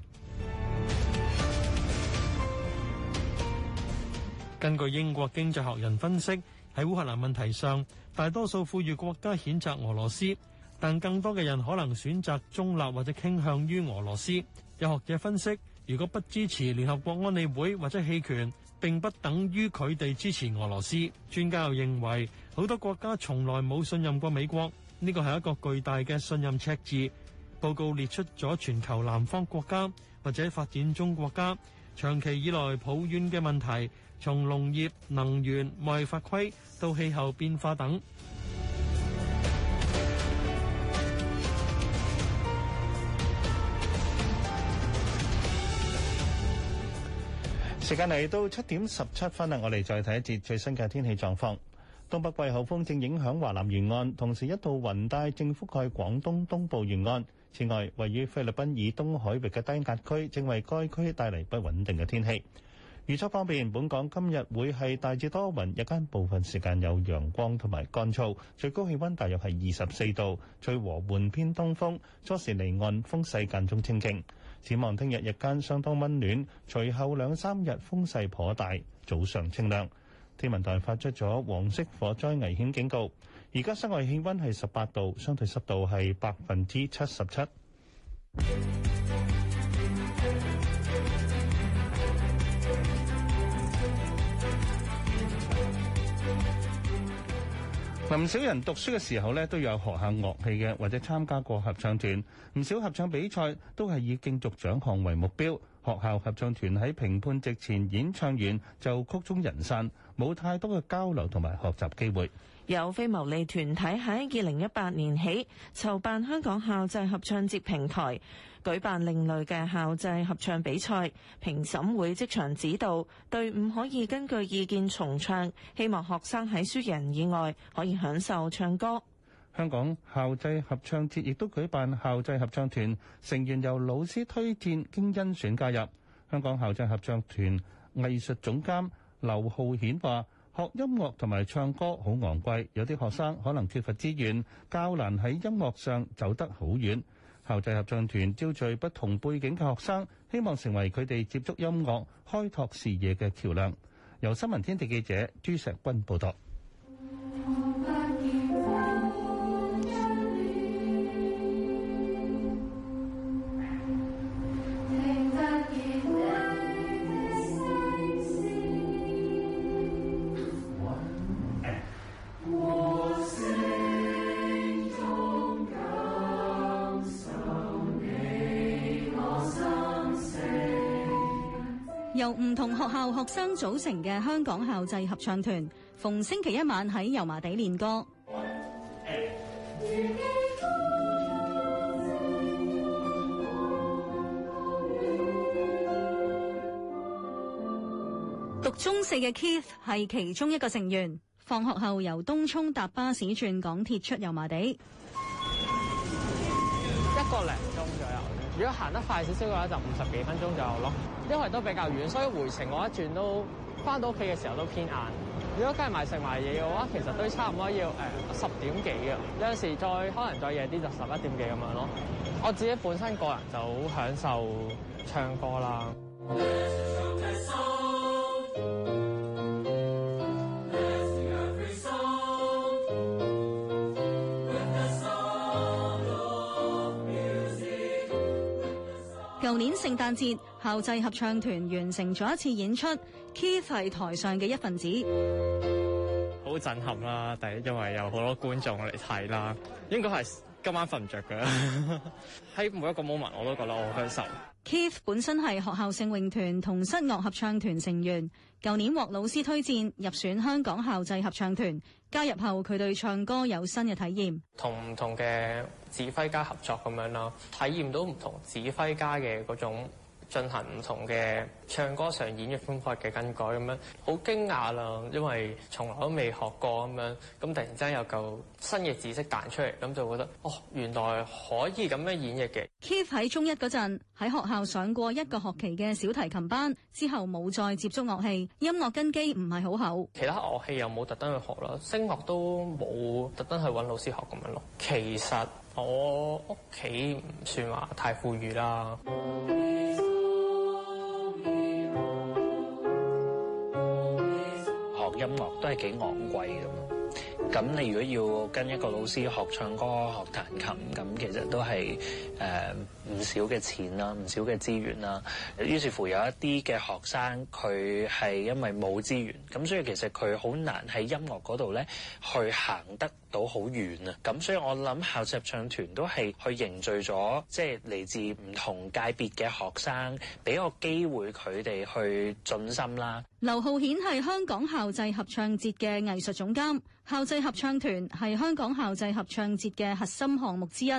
根據英國經濟學人分析，喺烏克蘭問題上，大多數富裕國家譴責俄羅斯，但更多嘅人可能選擇中立或者傾向於俄羅斯。有學者分析，如果不支持聯合國安理會或者棄權，並不等於佢哋支持俄羅斯。專家又認為，好多國家從來冇信任過美國，呢個係一個巨大嘅信任赤字。報告列出咗全球南方國家或者發展中國家長期以來抱怨嘅問題。從農業、能源、外發規到氣候變化等。時間嚟到，七點十七分，我哋再睇一節最新嘅天氣狀況。東北季候風正影響華南沿岸，同時一道雲帶正覆蓋廣東東部沿岸。此外，位於菲律賓以東海域嘅低壓區正為該區帶來不穩定嘅天氣。預測方面，本港今日會係大致多雲，日間部分時間有陽光同埋乾燥，最高氣温大約係二十四度，吹和緩偏東風，初時離岸風勢間中清勁。展望聽日日間相當溫暖，隨後兩三日風勢頗大，早上清涼。天文台發出咗黃色火災危險警告。而家室外氣温係十八度，相對濕度係百分之七十七。唔少人讀書嘅時候咧，都有學下樂器嘅，或者參加過合唱團。唔少合唱比賽都係以競逐獎項為目標。學校合唱團喺評判席前演唱完就曲終人散，冇太多嘅交流同埋學習機會。有非牟利團體喺二零一八年起籌辦香港校際合唱節平台。舉辦另類嘅校際合唱比賽，評審會即場指導隊伍，可以根據意見重唱。希望學生喺輸贏以外，可以享受唱歌。香港校際合唱節亦都舉辦校際合唱團，成員由老師推薦經甄選加入。香港校際合唱團藝術總監劉浩顯話：學音樂同埋唱歌好昂貴，有啲學生可能缺乏資源，較難喺音樂上走得好遠。校際合唱團招聚不同背景嘅學生，希望成為佢哋接觸音樂、開拓視野嘅橋梁。由新聞天地記者朱石君報道。唔同學校學生組成嘅香港校際合唱團，逢星期一晚喺油麻地練歌。 讀中四嘅 Keith 係其中一個成員，放學後由東涌搭巴士轉港鐵出油麻地。一個零。如果行得快少少嘅話，就五十幾分鐘左右咯。因為都比較遠，所以回程我一轉都翻到屋企嘅時候都偏晏。如果計埋食埋嘢嘅話，其實都差唔多要誒十點幾嘅。有陣時再可能再夜啲，就十一點幾咁樣咯。我自己本身個人就好享受唱歌啦。 舊年聖誕節，校際合唱團完成咗一次演出，Keith 係台上嘅一份子，好震撼啦。第一，因為有好多觀眾嚟睇啦，應該係今晚瞓唔着㗎。喺 每一個 moment，我都覺得我好享受。Keith 本身係學校聖詠團同室樂合唱團成員，舊年獲老師推薦入選香港校際合唱團。加入後，佢對唱歌有新嘅體驗，同唔同嘅指揮家合作咁樣咯，體驗到唔同指揮家嘅嗰種進行唔同嘅唱歌上演繹方法嘅更改咁樣，好驚訝啦！因為從來都未學過咁樣，咁突然之間有嚿新嘅知識彈出嚟，咁就覺得哦，原來可以咁樣演繹嘅。Keith 喺中一嗰陣喺學校上過一個學期嘅小提琴班，之後冇再接觸樂器，音樂根基唔係好厚。其他樂器又冇特登去學啦，聲樂都冇特登去揾老師學咁樣咯。其實我屋企唔算話太富裕啦。 音樂都係幾昂貴咁咯。咁你如果要跟一個老師學唱歌、學彈琴，咁其實都係誒唔少嘅錢啦，唔少嘅資源啦。於是乎有一啲嘅學生佢係因為冇資源，咁所以其實佢好難喺音樂嗰度咧去行得到好遠啊。咁所以我諗校際合唱團都係去凝聚咗，即係嚟自唔同界別嘅學生，俾個機會佢哋去盡心啦。劉浩顯係香港校際合唱節嘅藝術總監，校際合唱團係香港校際合唱節嘅核心項目之一，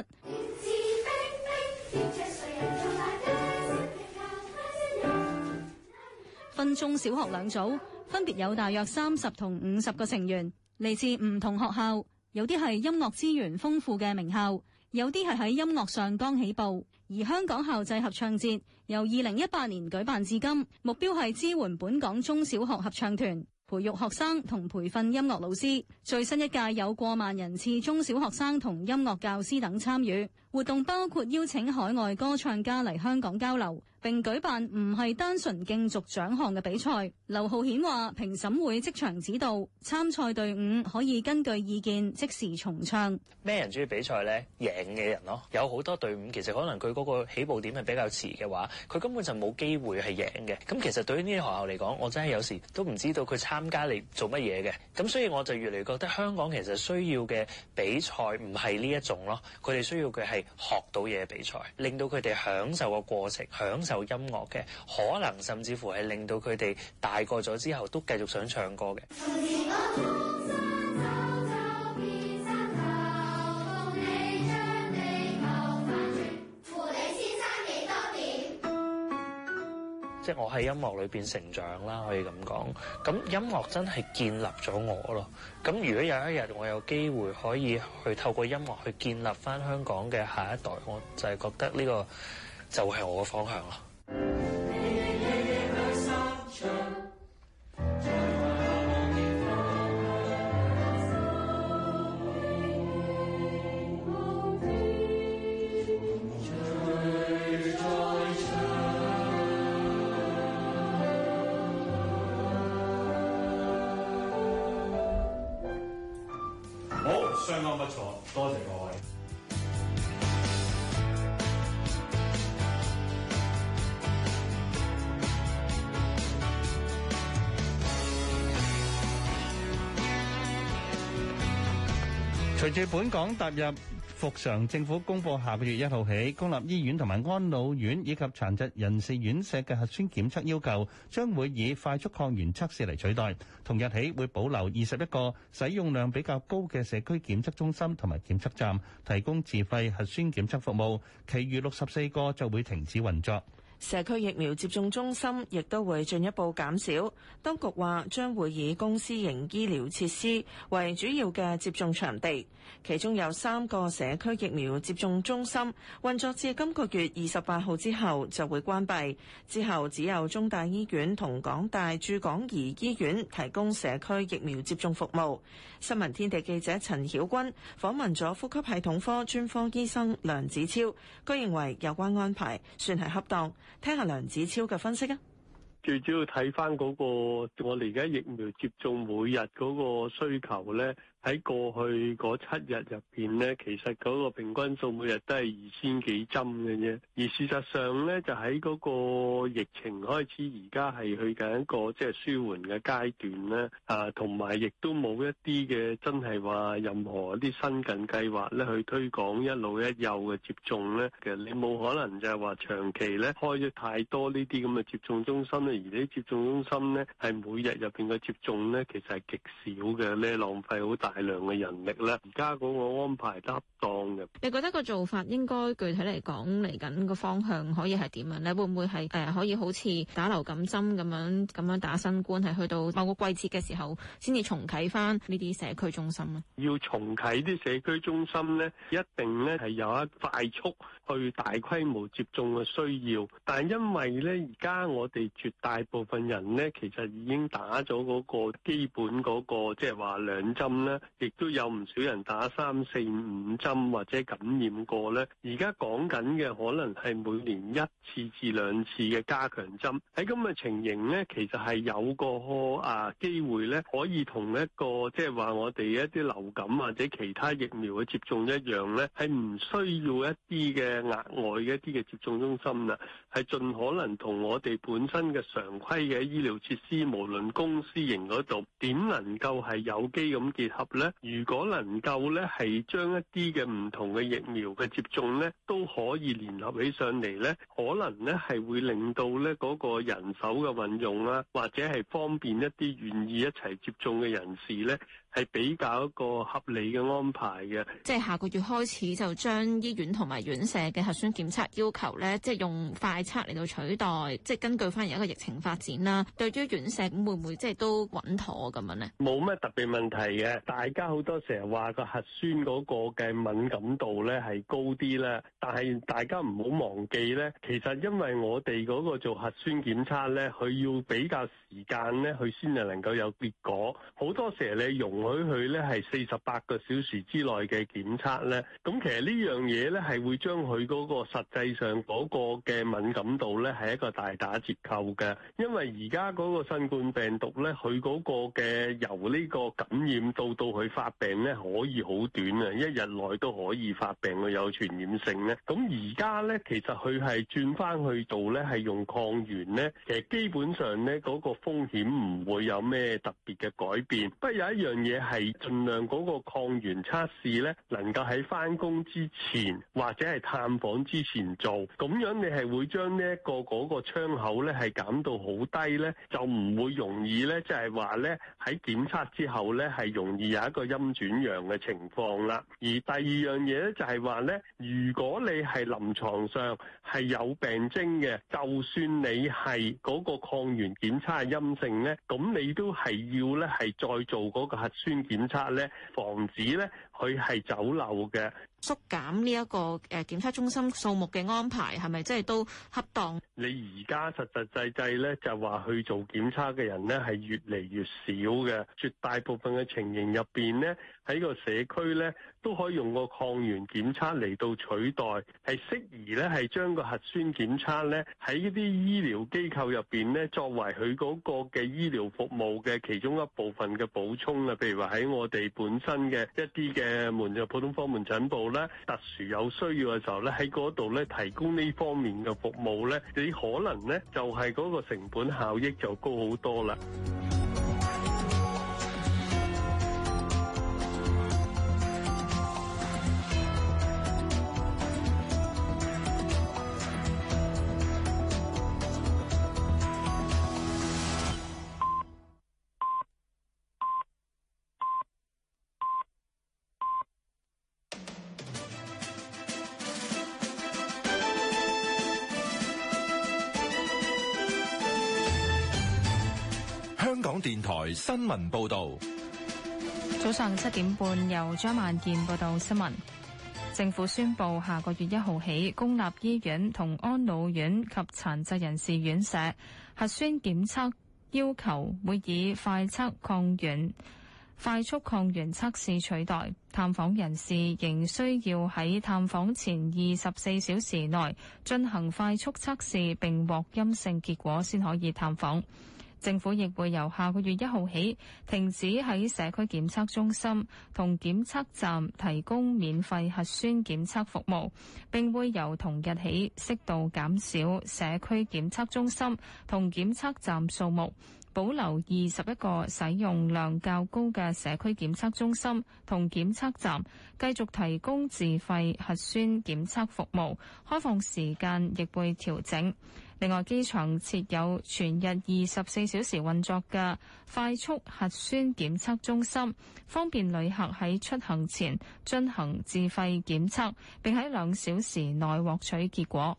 分中小學兩組，分別有大約三十同五十個成員，嚟自唔同學校，有啲係音樂資源豐富嘅名校，有啲係喺音樂上剛起步。而香港校際合唱節由二零一八年舉辦至今，目標係支援本港中小學合唱團。培育學生同培訓音樂老師，最新一屆有過萬人次中小學生同音樂教師等參與。活動包括邀請海外歌唱家嚟香港交流，並舉辦唔係單純競逐獎項嘅比賽。劉浩顯話評審會即場指導參賽隊伍，可以根據意見即時重唱。咩人中意比賽咧？贏嘅人咯。有好多隊伍其實可能佢嗰個起步點係比較遲嘅話，佢根本就冇機會係贏嘅。咁其實對於呢啲學校嚟講，我真係有時都唔知道佢參加嚟做乜嘢嘅。咁所以我就越嚟覺得香港其實需要嘅比賽唔係呢一種咯，佢哋需要嘅係學到嘢比賽，令到佢哋享受個過程，享受音樂嘅可能，甚至乎係令到佢哋大個咗之後都繼續想唱歌嘅。即係我喺音樂裏邊成長啦，可以咁講。咁音樂真係建立咗我咯。咁如果有一日我有機會可以去透過音樂去建立翻香港嘅下一代，我就係覺得呢個就係我嘅方向咯。本港踏入復常，政府公布下個月一號起，公立醫院同埋安老院以及殘疾人士院舍嘅核酸檢測要求將會以快速抗原測試嚟取代。同日起會保留二十一個使用量比較高嘅社區檢測中心同埋檢測站，提供自費核酸檢測服務，其餘六十四個就會停止運作。社區疫苗接種中心亦都會進一步減少。當局話將會以公私營醫療設施為主要嘅接種場地，其中有三個社區疫苗接種中心運作至今個月二十八號之後就會關閉，之後只有中大醫院同港大駐港怡醫院提供社區疫苗接種服務。新聞天地記者陳曉君訪問咗呼吸系統科專科醫生梁子超，佢認為有關安排算係恰當。聽下梁子超嘅分析啊，最主要睇翻嗰個，我哋而家疫苗接種每日嗰個需求咧。喺過去嗰七日入邊咧，其實嗰個平均數每日都係二千幾針嘅啫。而事實上咧，就喺嗰個疫情開始，而家係去緊一個即係舒緩嘅階段咧。啊，同埋亦都冇一啲嘅真係話任何一啲新近計劃咧去推廣一老一幼嘅接種咧。其實你冇可能就係話長期咧開咗太多呢啲咁嘅接種中心咧，而啲接種中心咧係每日入邊嘅接種咧，其實係極少嘅，你浪費好大。大量嘅人力咧，而家嗰個安排得當嘅。你覺得個做法應該具體嚟講，嚟緊個方向可以係點樣咧？你會唔會係誒可以好似打流感針咁樣咁樣打新冠，係去到某個季節嘅時候先至重啟翻呢啲社區中心咧？要重啟啲社區中心咧，一定咧係有一快速去大規模接種嘅需要。但係因為咧，而家我哋絕大部分人咧，其實已經打咗嗰個基本嗰個即係話兩針咧。亦都有唔少人打三四五針或者感染過咧。而家講緊嘅可能係每年一次至兩次嘅加強針，喺咁嘅情形咧，其實係有個啊機會咧，可以同一個即係話我哋一啲流感或者其他疫苗嘅接種一樣咧，係唔需要一啲嘅額外嘅一啲嘅接種中心啦，係盡可能同我哋本身嘅常規嘅醫療設施，無論公私營嗰度，點能夠係有機咁結合？咧，如果能夠咧，係將一啲嘅唔同嘅疫苗嘅接種咧，都可以聯合起上嚟咧，可能咧係會令到咧嗰個人手嘅運用啦，或者係方便一啲願意一齊接種嘅人士咧。係比較一個合理嘅安排嘅。即係下個月開始就將醫院同埋院舍嘅核酸檢測要求咧，即係用快測嚟到取代，即係根據翻而家個疫情發展啦。對於院舍咁會唔會即係都穩妥咁樣咧？冇咩特別問題嘅。大家好多時候話個核酸嗰個嘅敏感度咧係高啲啦，但係大家唔好忘記咧，其實因為我哋嗰個做核酸檢測咧，佢要比較時間咧，佢先至能夠有結果。好多時咧用。佢去咧係四十八個小時之內嘅檢測咧，咁其實呢樣嘢咧係會將佢嗰個實際上嗰個嘅敏感度咧係一個大打折扣嘅，因為而家嗰個新冠病毒咧，佢嗰個嘅由呢個感染到到佢發病咧可以好短啊，一日內都可以發病佢有傳染性咧。咁而家咧其實佢係轉翻去到咧係用抗原咧，其實基本上咧嗰個風險唔會有咩特別嘅改變。不過有一樣嘢。你係盡量嗰個抗原測試咧，能夠喺翻工之前或者係探訪之前做，咁樣你係會將呢一個嗰個窗口咧係減到好低咧，就唔會容易咧，即係話咧喺檢測之後咧係容易有一個陰轉陽嘅情況啦。而第二樣嘢咧就係話咧，如果你係臨牀上係有病徵嘅，就算你係嗰個抗原檢測係陰性咧，咁你都係要咧係再做嗰個核酸。專檢測咧，防止咧佢係走漏嘅。縮減呢、這、一個誒檢測中心數目嘅安排係咪即係都恰當？你而家實實際際咧就話去做檢測嘅人咧係越嚟越少嘅，絕大部分嘅情形入邊咧喺個社區咧都可以用個抗原檢測嚟到取代，係適宜咧係將個核酸檢測咧喺一啲醫療機構入邊咧作為佢嗰個嘅醫療服務嘅其中一部分嘅補充啦。譬如話喺我哋本身嘅一啲嘅門就普通科門診部。咧特殊有需要嘅時候咧，喺嗰度咧提供呢方面嘅服務咧，你可能咧就係嗰個成本效益就高好多啦。新聞報導，早上七點半由張萬健報道新聞。政府宣布，下個月一號起，公立醫院、同安老院及殘疾人士院舍核酸檢測要求會以快測抗原、快速抗原測試取代。探訪人士仍需要喺探訪前二十四小時內進行快速測試，並獲陰性結果先可以探訪。政府亦會由下個月一號起，停止喺社區檢測中心同檢測站提供免費核酸檢測服務，並會由同日起適度減少社區檢測中心同檢測站數目，保留二十一個使用量較高嘅社區檢測中心同檢測站，繼續提供自費核酸檢測服務，開放時間亦會調整。另外，機場設有全日二十四小時運作嘅快速核酸檢測中心，方便旅客喺出行前進行自費檢測，並喺兩小時內獲取結果。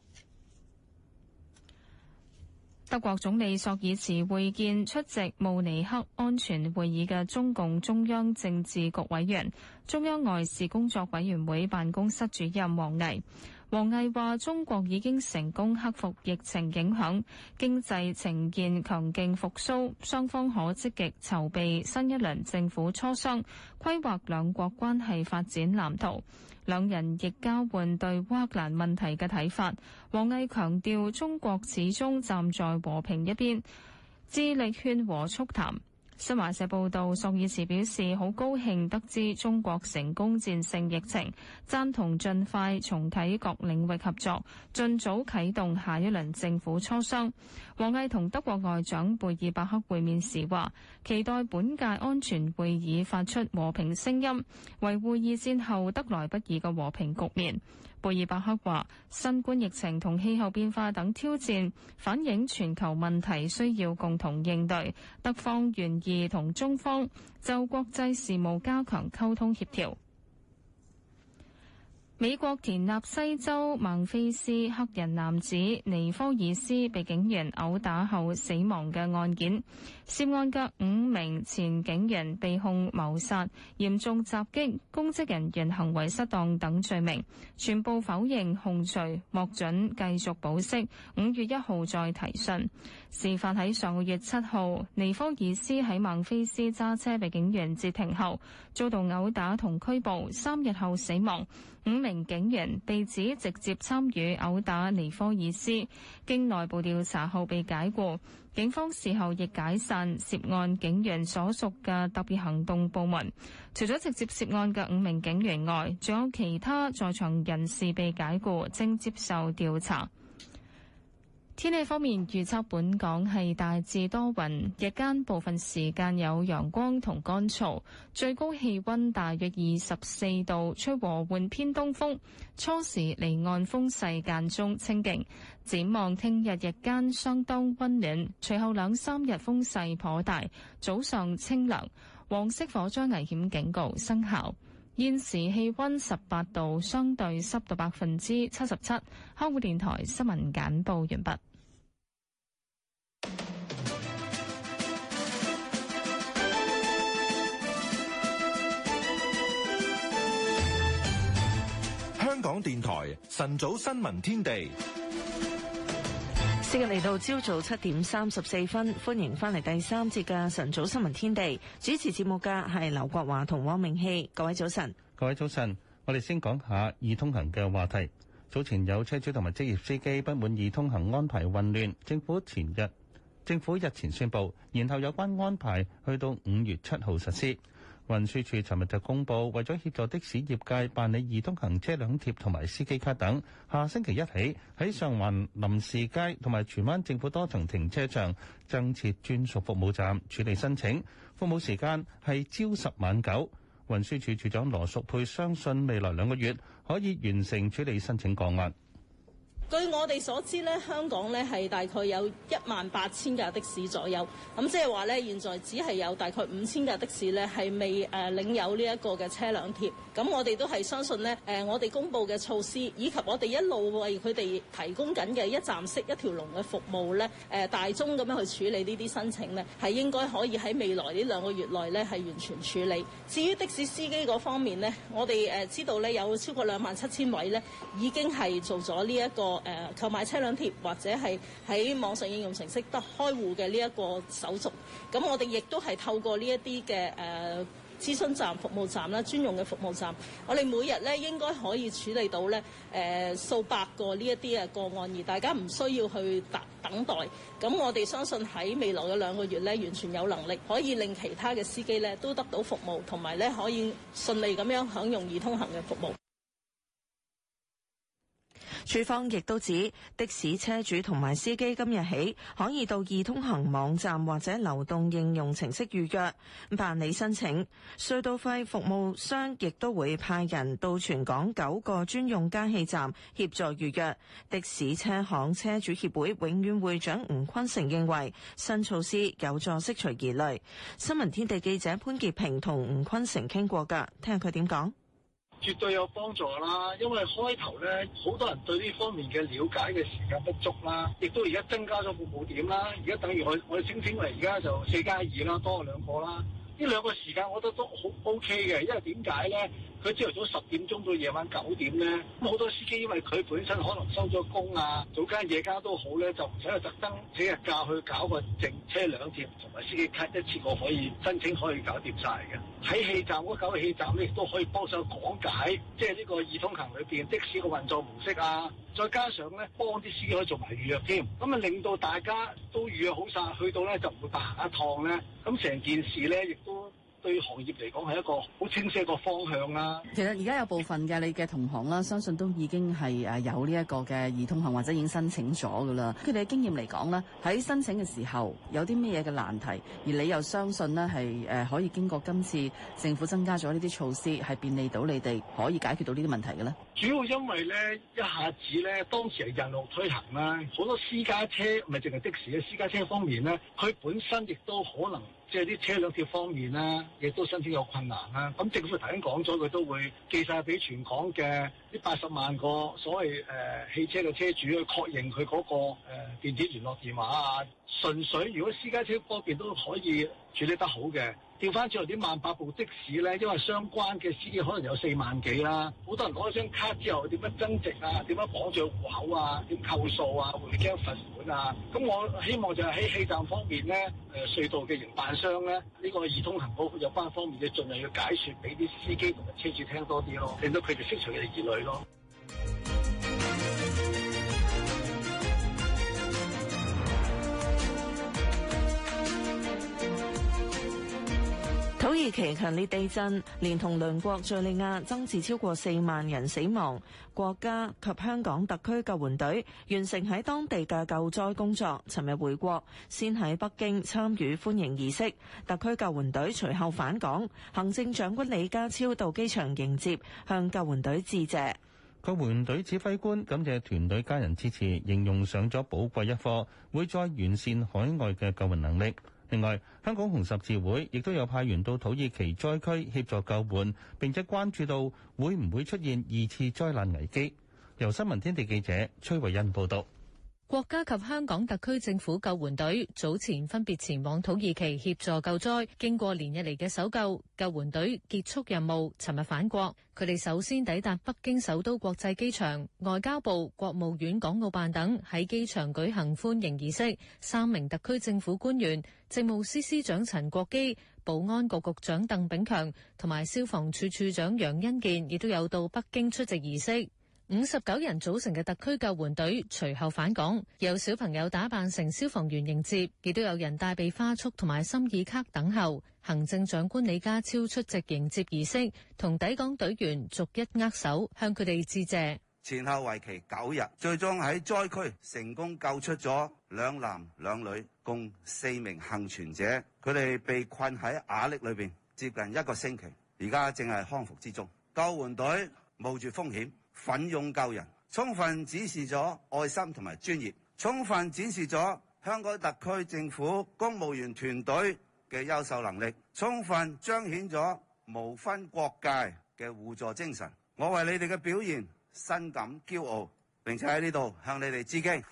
德國總理索爾茨會見出席慕尼黑安全會議嘅中共中央政治局委員、中央外事工作委員會辦公室主任王毅。王毅話：中國已經成功克服疫情影響，經濟呈現強勁復甦，雙方可積極籌備新一輪政府磋商，規劃兩國關係發展藍圖。兩人亦交換對烏克蘭問題嘅睇法。王毅強調，中國始終站在和平一邊，致力勸和促談。新華社報道，索爾茨表示好高興得知中國成功戰勝疫情，贊同盡快重啟各領域合作，盡早啟動下一輪政府磋商。王毅同德國外長貝爾伯克會面時話，期待本屆安全會議發出和平聲音，維護二戰後得來不易嘅和平局面。貝爾伯克話，新冠疫情同氣候變化等挑戰反映全球問題，需要共同應對，德方願意同中方就國際事務加強溝通協調。美國田納西州孟菲斯黑人男子尼科爾斯被警員毆打後死亡嘅案件，涉案嘅五名前警員被控謀殺、嚴重襲擊、公職人員行為失當等罪名，全部否認控罪，獲准繼續保釋，五月一號再提訊。事發喺上個月七號，尼科爾斯喺孟菲斯揸車被警員截停後，遭到毆打同拘捕，三日後死亡。五名警員被指直接參與毆打尼科爾斯，經內部調查後被解雇。警方事後亦解散涉案警員所屬嘅特別行動部門。除咗直接涉案嘅五名警員外，仲有其他在場人士被解雇，正接受調查。天氣方面，預測本港係大致多雲，日間部分時間有陽光同乾燥，最高氣溫大約二十四度，吹和緩偏東風。初時離岸風勢間中清勁。展望聽日日間相當溫暖，隨後兩三日風勢頗大，早上清涼。黃色火災危險警告生效。現時氣溫十八度，相對濕度百分之七十七。香港電台新聞簡報完畢。香港電台晨早新聞天地，時間嚟到朝早七點三十四分，歡迎翻嚟第三節嘅晨早新聞天地，主持節目嘅係劉國華同汪明熙。各位早晨，各位早晨，我哋先講下易通行嘅話題。早前有車主同埋職業司機不滿易通行安排混亂，政府前日政府日前宣布，然後有關安排去到五月七號實施。運輸署尋日就公佈，為咗協助的士業界辦理易通行車輛貼同埋司機卡等，下星期一起喺上環林士街同埋荃灣政府多層停車場增設專屬服務站處理申請，服務時間係朝十晚九。運輸署署長羅淑佩相信未來兩個月可以完成處理申請個案。據我哋所知咧，香港咧係大概有一萬八千架的士左右，咁、嗯、即係話咧，現在只係有大概五千架的士咧係未誒、呃、領有呢一個嘅車輛貼。咁、嗯、我哋都係相信咧，誒、呃、我哋公佈嘅措施，以及我哋一路為佢哋提供緊嘅一站式一條龍嘅服務咧，誒、呃、大宗咁樣去處理呢啲申請咧，係應該可以喺未來呢兩個月內咧係完全處理。至於的士司機嗰方面咧，我哋誒、呃、知道咧有超過兩萬七千位咧已經係做咗呢一個。誒、呃、購買車輛貼或者係喺網上應用程式得開戶嘅呢一個手續，咁我哋亦都係透過呢一啲嘅誒諮詢站、服務站啦、專用嘅服務站，我哋每日咧應該可以處理到咧誒、呃、數百個呢一啲啊個案，而大家唔需要去等等待，咁我哋相信喺未來嘅兩個月咧，完全有能力可以令其他嘅司機咧都得到服務，同埋咧可以順利咁樣享用易通行嘅服務。處方亦都指的士車主同埋司機今日起可以到易通行網站或者流動應用程式預約辦理申請。隧道費服務商亦都會派人到全港九個專用加氣站協助預約。的士車行車主協會永遠會長吳坤成認為新措施有助釋除疑慮。新聞天地記者潘潔平同吳坤成傾過㗎，聽下佢點講。絕對有幫助啦，因為開頭呢，好多人對呢方面嘅了解嘅時間不足啦，亦都而家增加咗個補點啦，而家等於我我哋星星嚟，而家就四加二啦，多兩個啦，呢兩個時間我覺得都好 OK 嘅，因為點解呢？佢朝頭早十點鐘到夜晚九點咧，咁好多司機因為佢本身可能收咗工啊，早間、夜間都好咧，就唔使去特登請日假去搞個靜車兩天，同埋司機卡一次過可以申請，可以搞掂晒嘅。喺氣站嗰九氣站咧，亦都可以幫手講解，即係呢個二通行裏邊的士嘅運作模式啊，再加上咧，幫啲司機可以做埋預約添、啊，咁啊令到大家都預約好晒。去到咧就唔會白行一趟咧，咁成件事咧亦都。對行業嚟講係一個好清晰個方向啊！其實而家有部分嘅你嘅同行啦，相信都已經係誒有呢一個嘅易通行或者已經申請咗噶啦。佢哋嘅經驗嚟講咧，喺申請嘅時候有啲咩嘢嘅難題，而你又相信咧係誒可以經過今次政府增加咗呢啲措施，係便利到你哋可以解決到呢啲問題嘅咧？主要因為咧，一下子咧當時係人路推行啦，好多私家車咪淨係的士嘅私家車方面咧，佢本身亦都可能。即係啲車輛貼方面咧，亦都申請有困難啦。咁政府頭先講咗，佢都會寄晒俾全港嘅呢八十萬個所謂誒、呃、汽車嘅車主去確認佢嗰、那個誒、呃、電子聯絡電話啊。純粹如果私家車方面都可以處理得好嘅。調翻轉頭啲萬八部的士咧，因為相關嘅司機可能有四萬幾啦、啊，好多人攞咗張卡之後，點樣增值啊？點樣綁住戶口啊？點扣數啊？還交罰款啊？咁我希望就係喺氣站方面咧，誒、呃、隧道嘅營辦商咧，呢、這個易通行保有關方面嘅，盡量要解説俾啲司機同埋車主聽多啲咯，令到佢哋消除嘅疑慮咯。土耳其強烈地震，連同鄰國敘利亞增至超過四萬人死亡。國家及香港特區救援隊完成喺當地嘅救災工作，尋日回國，先喺北京參與歡迎儀式。特區救援隊隨後返港，行政長官李家超到機場迎接，向救援隊致謝。救援隊指揮官感謝團隊家人支持，形容上咗寶貴一課，會再完善海外嘅救援能力。另外，香港紅十字會亦都有派員到土耳其災區協助救援，並且關注到會唔會出現二次災難危機。由新聞天地記者崔慧欣報道。國家及香港特區政府救援隊早前分別前往土耳其協助救災，經過連日嚟嘅搜救，救援隊結束任務，尋日返國。佢哋首先抵達北京首都國際機場，外交部、國務院港澳辦等喺機場舉行歡迎儀式。三名特區政府官員，政務司司長陳國基、保安局局長鄧炳強同埋消防處處長楊恩健，亦都有到北京出席儀式。59人組成嘅特區救援隊隨後返港，有小朋友打扮成消防員迎接，亦都有人帶備花束同埋心意卡等候。行政長官李家超出席迎接儀式，同抵港隊員逐一握手，向佢哋致謝9奮勇救人，充分展示咗愛心同埋專業，充分展示咗香港特區政府公務員團隊嘅優秀能力，充分彰顯咗無分國界嘅互助精神。我為你哋嘅表現深感驕傲，並且喺呢度向你哋致敬。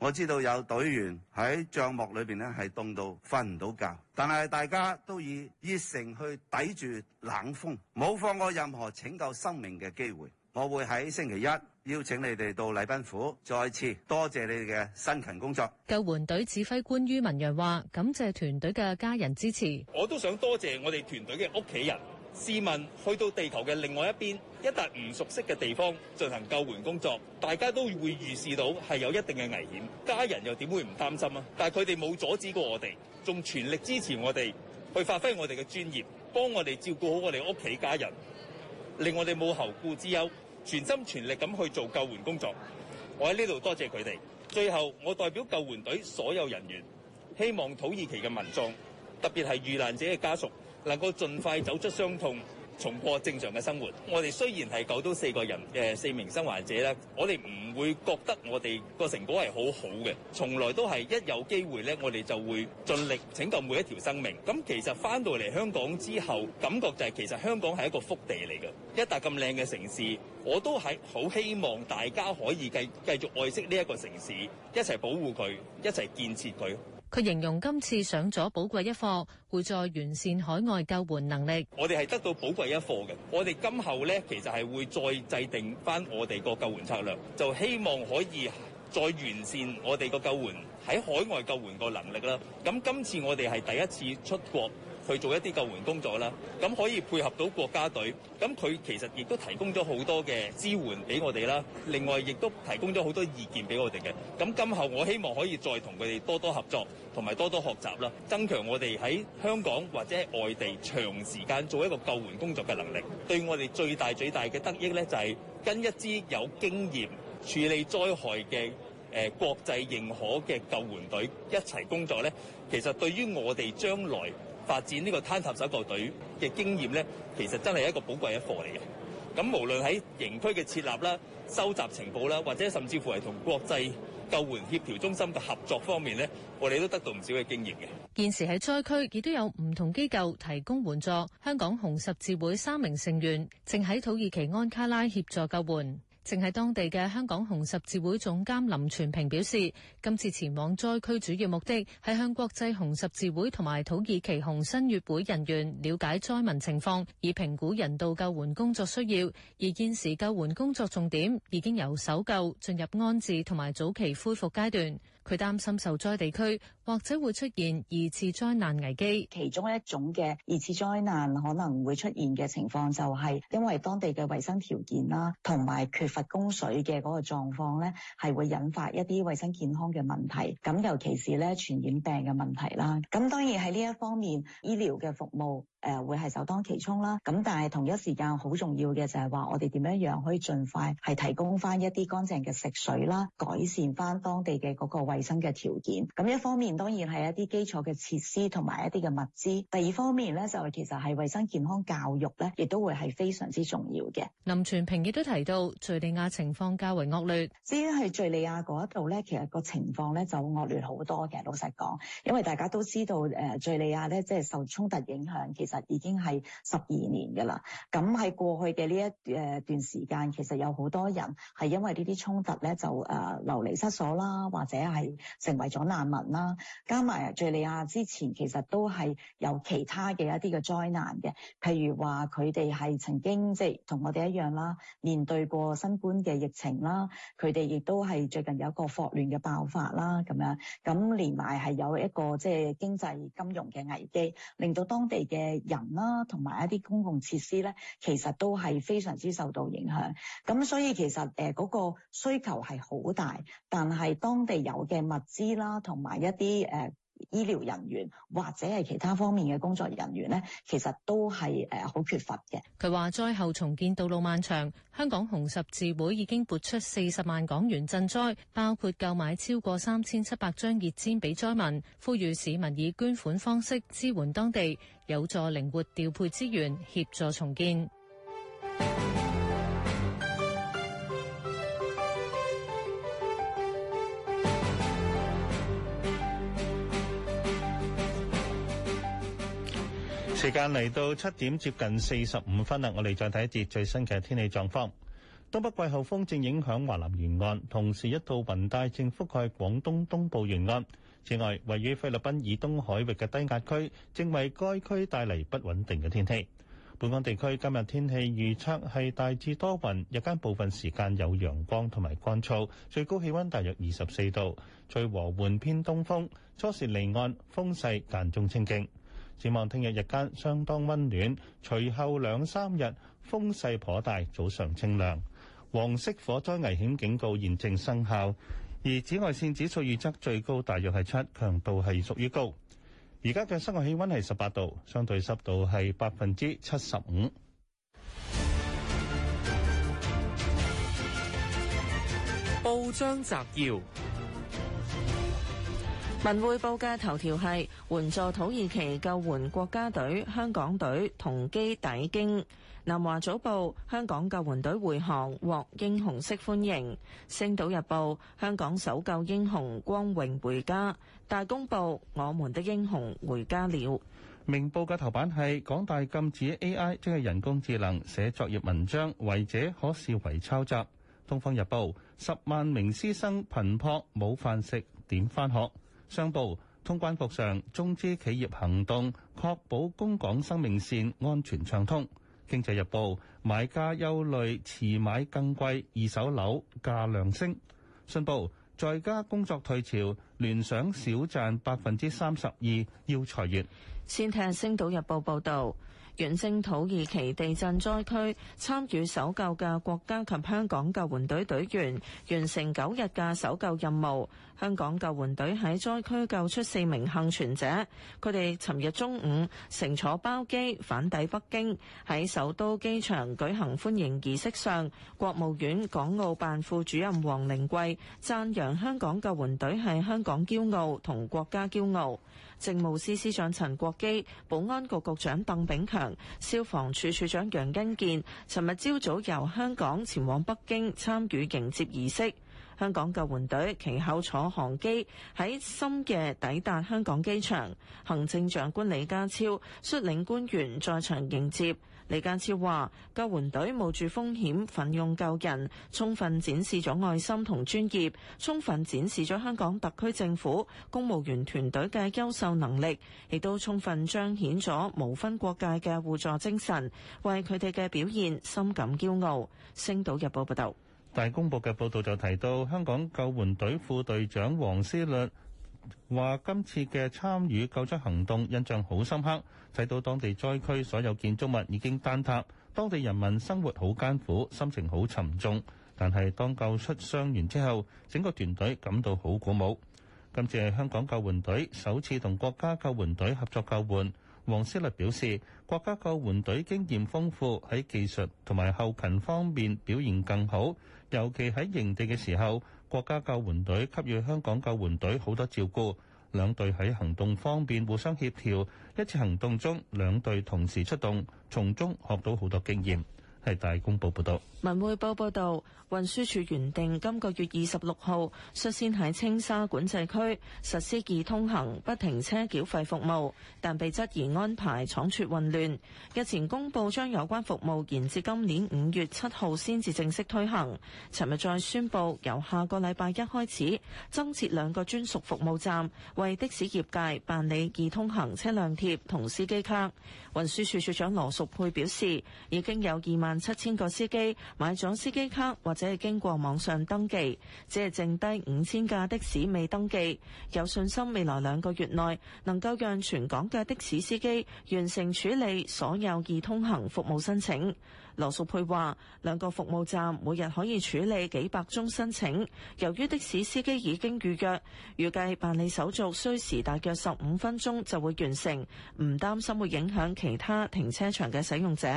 我知道有隊員喺帳幕裏邊咧係凍到瞓唔到覺，但係大家都以熱誠去抵住冷風，冇放過任何拯救生命嘅機會。我會喺星期一邀請你哋到禮賓府，再次多謝你哋嘅辛勤工作。救援隊指揮官於文揚話：「感謝團隊嘅家人支持，我都想多謝我哋團隊嘅屋企人。」試問去到地球嘅另外一邊，一笪唔熟悉嘅地方進行救援工作，大家都會預示到係有一定嘅危險，家人又點會唔擔心啊？但係佢哋冇阻止過我哋，仲全力支持我哋去發揮我哋嘅專業，幫我哋照顧好我哋屋企家人，令我哋冇後顧之憂，全心全力咁去做救援工作。我喺呢度多謝佢哋。最後，我代表救援隊所有人員，希望土耳其嘅民眾，特別係遇難者嘅家屬，能夠盡快走出傷痛，重過正常嘅生活。我哋雖然係救到四個人嘅四名生還者咧，我哋唔會覺得我哋個成果係好好嘅。從來都係一有機會咧，我哋就會盡力拯救每一條生命。咁其實翻到嚟香港之後，感覺就係其實香港係一個福地嚟嘅，一笪咁靚嘅城市。我都係好希望大家可以繼繼續愛惜呢一個城市，一齊保護佢，一齊建設佢。佢形容今次上咗寶貴一課，會再完善海外救援能力。我哋係得到寶貴一課嘅，我哋今後咧其實，係會再制定翻我哋個救援策略，就希望可以再完善我哋個救援喺海外救援個能力啦。咁今次我哋係第一次出國。去做一啲救援工作啦，咁可以配合到國家隊，咁佢其實亦都提供咗好多嘅支援俾我哋啦。另外，亦都提供咗好多意見俾我哋嘅。咁今後我希望可以再同佢哋多多合作，同埋多多學習啦，增強我哋喺香港或者喺外地長時間做一個救援工作嘅能力。對我哋最大最大嘅得益咧，就係跟一支有經驗處理災害嘅誒國際認可嘅救援隊一齊工作咧。其實對於我哋將來。發展呢個坍塌搜救隊嘅經驗呢，其實真係一個寶貴一課嚟嘅。咁無論喺營區嘅設立啦、收集情報啦，或者甚至乎係同國際救援協調中心嘅合作方面呢，我哋都得到唔少嘅經驗嘅。現時喺災區，亦都有唔同機構提供援助。香港紅十字會三名成員正喺土耳其安卡拉協助救援。正係當地嘅香港紅十字會總監林全平表示，今次前往災區主要目的係向國際紅十字會同埋土耳其紅新月會人員了解災民情況，以評估人道救援工作需要。而現時救援工作重點已經由搜救進入安置同埋早期恢復階段。佢擔心受災地區或者會出現二次災難危機，其中一種嘅二次災難可能會出現嘅情況就係因為當地嘅衛生條件啦，同埋缺乏供水嘅嗰個狀況咧，係會引發一啲衞生健康嘅問題。咁尤其是咧傳染病嘅問題啦。咁當然喺呢一方面，醫療嘅服務誒會係首當其衝啦。咁但係同一時間好重要嘅就係話，我哋點樣樣可以盡快係提供翻一啲乾淨嘅食水啦，改善翻當地嘅嗰個衞衛生嘅條件，咁一方面當然係一啲基礎嘅設施同埋一啲嘅物資，第二方面咧就係其實係衛生健康教育咧，亦都會係非常之重要嘅。林全平亦都提到，敘利亞情況較為惡劣。至於喺敘利亞嗰一度咧，其實個情況咧就惡劣好多嘅。老實講，因為大家都知道，誒敘利亞咧即係受衝突影響，其實已經係十二年噶啦。咁喺過去嘅呢一誒段時間，其實有好多人係因為呢啲衝突咧就誒流離失所啦，或者係。成為咗難民啦，加埋敘利亞之前其實都係有其他嘅一啲嘅災難嘅，譬如話佢哋係曾經即係同我哋一樣啦，面對過新冠嘅疫情啦，佢哋亦都係最近有一個霍亂嘅爆發啦咁樣，咁連埋係有一個即係經濟金融嘅危機，令到當地嘅人啦同埋一啲公共設施咧，其實都係非常之受到影響。咁所以其實誒嗰個需求係好大，但係當地有嘅。嘅物資啦，同埋一啲誒醫療人員或者係其他方面嘅工作人員呢，其實都係誒好缺乏嘅。佢話：災後重建道路漫長，香港紅十字會已經撥出四十萬港元賑災，包括購買超過三千七百張熱氈畀災民，呼籲市民以捐款方式支援當地，有助靈活調配資源協助重建。時間嚟到七點接近四十五分啦，我哋再睇一節最新嘅天氣狀況。東北季候風正影響華南沿岸，同時一道雲帶正覆蓋廣東東部沿岸。此外，位於菲律賓以東海域嘅低壓區正為該區帶嚟不穩定嘅天氣。本港地區今日天氣預測係大致多雲，日間部分時間有陽光同埋乾燥，最高氣溫大約二十四度，吹和緩偏東風，初時離岸，風勢間中清勁。展望聽日日間相當溫暖，隨後兩三日風勢頗大，早上清涼。黃色火災危險警告現正生效，而紫外線指數預測最高大約係七，強度係屬於高。而家嘅室外氣溫係十八度，相對濕度係百分之七十五。報章摘要。文匯報嘅頭條係援助土耳其救援國家隊，香港隊同機抵京。南華早報：香港救援隊回航獲英雄式歡迎。星島日報：香港搜救英雄光榮回家。大公報：我們的英雄回家了。明報嘅頭版係港大禁止 AI 即係人工智能寫作業文章，違者可視為抄襲。東方日報：十萬名師生頻撲冇飯食，點返學？商報通關服上中資企業行動，確保供港生命線安全暢通。經濟日報買家憂慮遲買更貴二手樓價量升。信報在家工作退潮，聯想少賺百分之三十二要裁員。先聽《星島日報》報道。遠征土耳其地震災區參與搜救嘅國家及香港救援隊隊員完成政務司司長陳國基、保安局局長鄧炳強、消防處處長楊恩健，尋日朝早由香港前往北京參與迎接儀式。香港救援隊其後坐航機喺深夜抵達香港機場。行政長官李家超率領官員在場迎接。李家超話：救援隊冒住風險奮勇救人，充分展示咗愛心同專業，充分展示咗香港特區政府公務員團隊嘅優秀能力，亦都充分彰顯咗無分國界嘅互助精神。為佢哋嘅表現深感驕傲。星島日報報道，大公報嘅報道就提到，香港救援隊副隊長黃思律。話今次嘅參與救出行動印象好深刻，睇到當地災區所有建築物已經坍塌，當地人民生活好艱苦，心情好沉重。但係當救出傷員之後，整個團隊感到好鼓舞。今次係香港救援隊首次同國家救援隊合作救援。黃思律表示，國家救援隊經驗豐富，喺技術同埋後勤方面表現更好，尤其喺營地嘅時候。國家救援隊給予香港救援隊好多照顧，兩隊喺行動方面互相協調，一次行動中，兩隊同時出動，從中學到好多經驗。係大公報報道，文匯報報道，運輸署原定今個月二十六號率先喺青沙管制區實施易通行不停車繳費服務，但被質疑安排倉促混亂。日前公布將有關服務延至今年五月七號先至正式推行。尋日再宣布由下個禮拜一開始增設兩個專屬服務站，為的士業界辦理易通行車輛貼同司機卡。運輸署署長羅淑佩表示，已經有二萬。七千個司機買咗司機卡或者係經過網上登記，只係剩低五千架的士未登記。有信心未來兩個月內能夠讓全港嘅的，的士司機完成處理所有易通行服務申請。羅淑佩話：兩個服務站每日可以處理幾百宗申請。由於的士司機已經預約，預計辦理手續需時大約十五分鐘就會完成，唔擔心會影響其他停車場嘅使用者。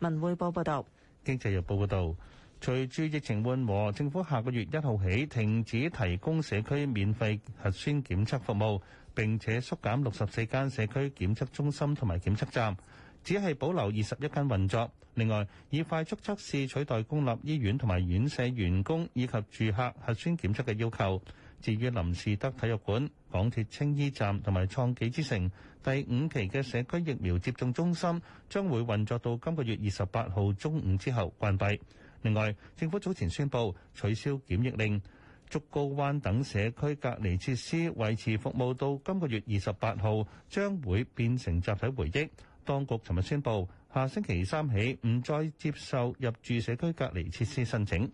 文匯報報道，經濟日報報道，隨住疫情緩和，政府下個月一號起停止提供社區免費核酸檢測服務，並且縮減六十四間社區檢測中心同埋檢測站，只係保留二十一間運作。另外，以快速測試、試取代公立醫院同埋院舍員工以及住客核酸檢測嘅要求。至於林士德體育館、港鐵青衣站同埋創紀之城。第五期嘅社區疫苗接種中心將會運作到今個月二十八號中午，之後關閉。另外，政府早前宣布取消檢疫令，竹篙灣等社區隔離設施維持服務到今個月二十八號，將會變成集體回憶。當局尋日宣布，下星期三起唔再接受入住社區隔離設施申請。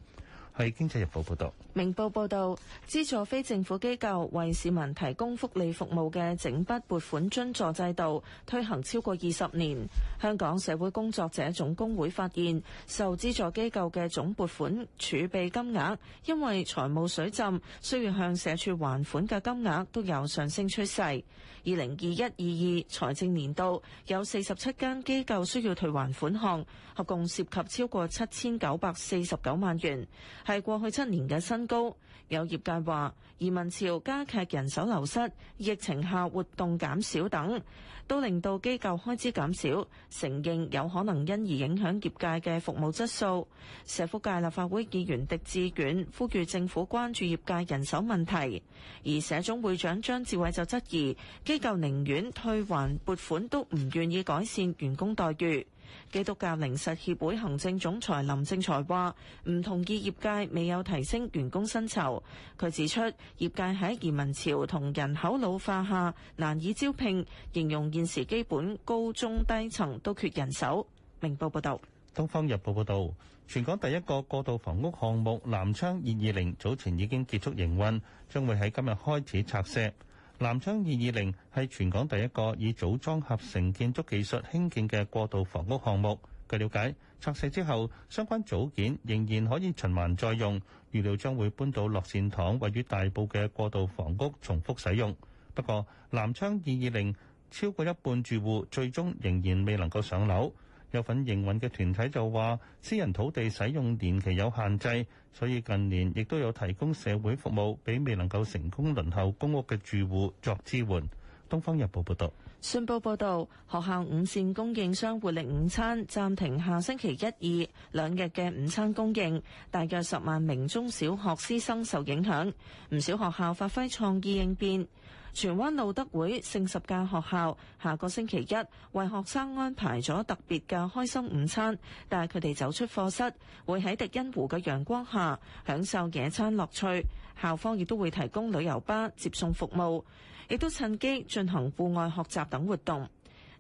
係《經濟日報》報道，明報報道，資助非政府機構為市民提供福利服務嘅整筆撥款津助制度推行超過二十年。香港社會工作者總工會發現受資助機構嘅總撥款儲備金額，因為財務水浸，需要向社署還款嘅金額都有上升趨勢。二零二一二二財政年度，有四十七間機構需要退還款項，合共涉及超過七千九百四十九萬元，係過去七年嘅新高。有業界話，移民潮加劇人手流失，疫情下活動減少等，都令到機構開支減少，承認有可能因而影響業界嘅服務質素。社福界立法會議員狄志遠呼籲政府關注業界人手問題，而社總會長張志偉就質疑機構寧願退還撥款都唔願意改善員工待遇。基督教靈實協會行政總裁林正才話：唔同意業界未有提升員工薪酬。佢指出，業界喺移民潮同人口老化下難以招聘，形容現時基本高中低層都缺人手。明報報道。東方日報報道，全港第一個過渡房屋項目南昌220早前已經結束營運，將會喺今日開始拆卸。南昌二二零係全港第一個以組裝合成建築技術興建嘅過渡房屋項目。據了解，拆卸之後，相關組件仍然可以循環再用，預料將會搬到樂善堂位於大埔嘅過渡房屋重複使用。不過，南昌二二零超過一半住戶最終仍然未能夠上樓。有份營運嘅團體就話，私人土地使用年期有限制，所以近年亦都有提供社會服務，俾未能夠成功輪候公屋嘅住戶作支援。《東方日報》報道：信報報道，學校午膳供應商活力午餐暫停下星期一二兩日嘅午餐供應，大約十萬名中小學師生受影響，唔少學校發揮創意應變。荃灣路德會聖十架學校下個星期一為學生安排咗特別嘅開心午餐，帶佢哋走出課室，會喺迪欣湖嘅陽光下享受野餐樂趣。校方亦都會提供旅遊巴接送服務，亦都趁機進行戶外學習等活動。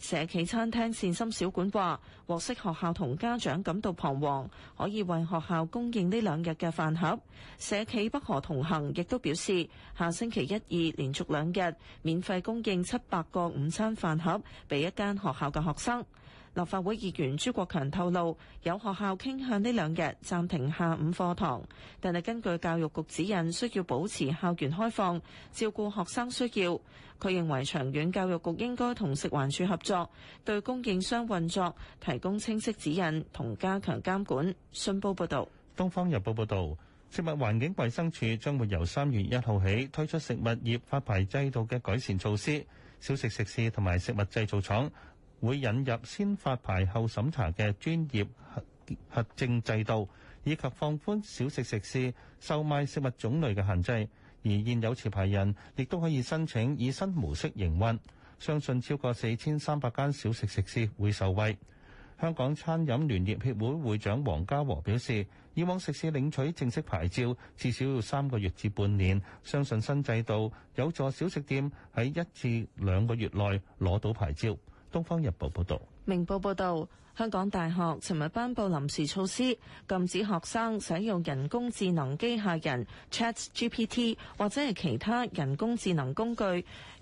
社企餐廳善心小館話：獲悉學校同家長感到彷徨，可以為學校供應呢兩日嘅飯盒。社企北河同行亦都表示，下星期一、二連續兩日免費供應七百個午餐飯盒俾一間學校嘅學生。立法會議員朱國強透露，有學校傾向呢兩日暫停下午課堂，但係根據教育局指引，需要保持校園開放，照顧學生需要。佢認為長遠教育局應該同食環署合作，對供應商運作提供清晰指引同加強監管。信報報導，《東方日報》報導，食物環境衞生署將會由三月一號起推出食物業發牌制度嘅改善措施，小食食肆同埋食物製造廠，會引入先發牌後審查嘅專業核核證制度，以及放寬小食食肆售賣食物種類嘅限制。而現有持牌人亦都可以申請以新模式營運，相信超過四千三百間小食食肆會受惠。香港餐飲聯業協會會長黃家和表示，以往食肆領取正式牌照至少要三個月至半年，相信新制度有助小食店喺一至兩個月內攞到牌照。《東方日報》報道，《明報》報道：香港大學尋日頒布臨時措施，禁止學生使用人工智能機械人 ChatGPT 或者係其他人工智能工具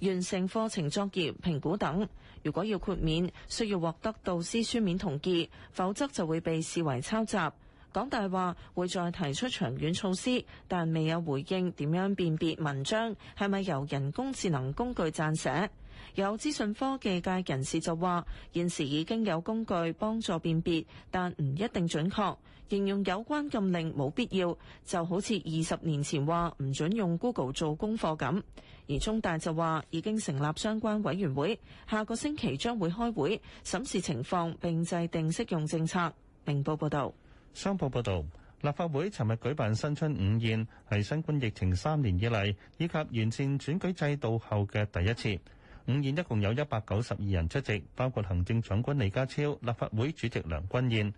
完成課程作業評估等。如果要豁免，需要獲得導師書面同意，否則就會被視為抄襲。港大話會再提出長遠措施，但未有回應點樣辨別文章係咪由人工智能工具撰寫。有資訊科技界人士就話，現時已經有工具幫助辨別，但唔一定準確。形容有關禁令冇必要，就好似二十年前話唔準用 Google 做功課咁。而中大就話已經成立相關委員會，下個星期將會開會審視情況並制定適用政策。明報報道。商報報導，立法會尋日舉辦新春午宴，係新冠疫情三年以嚟以及完善選舉制度後嘅第一次。午宴一共有一百九十二人出席，包括行政長官李家超、立法會主席梁君彥。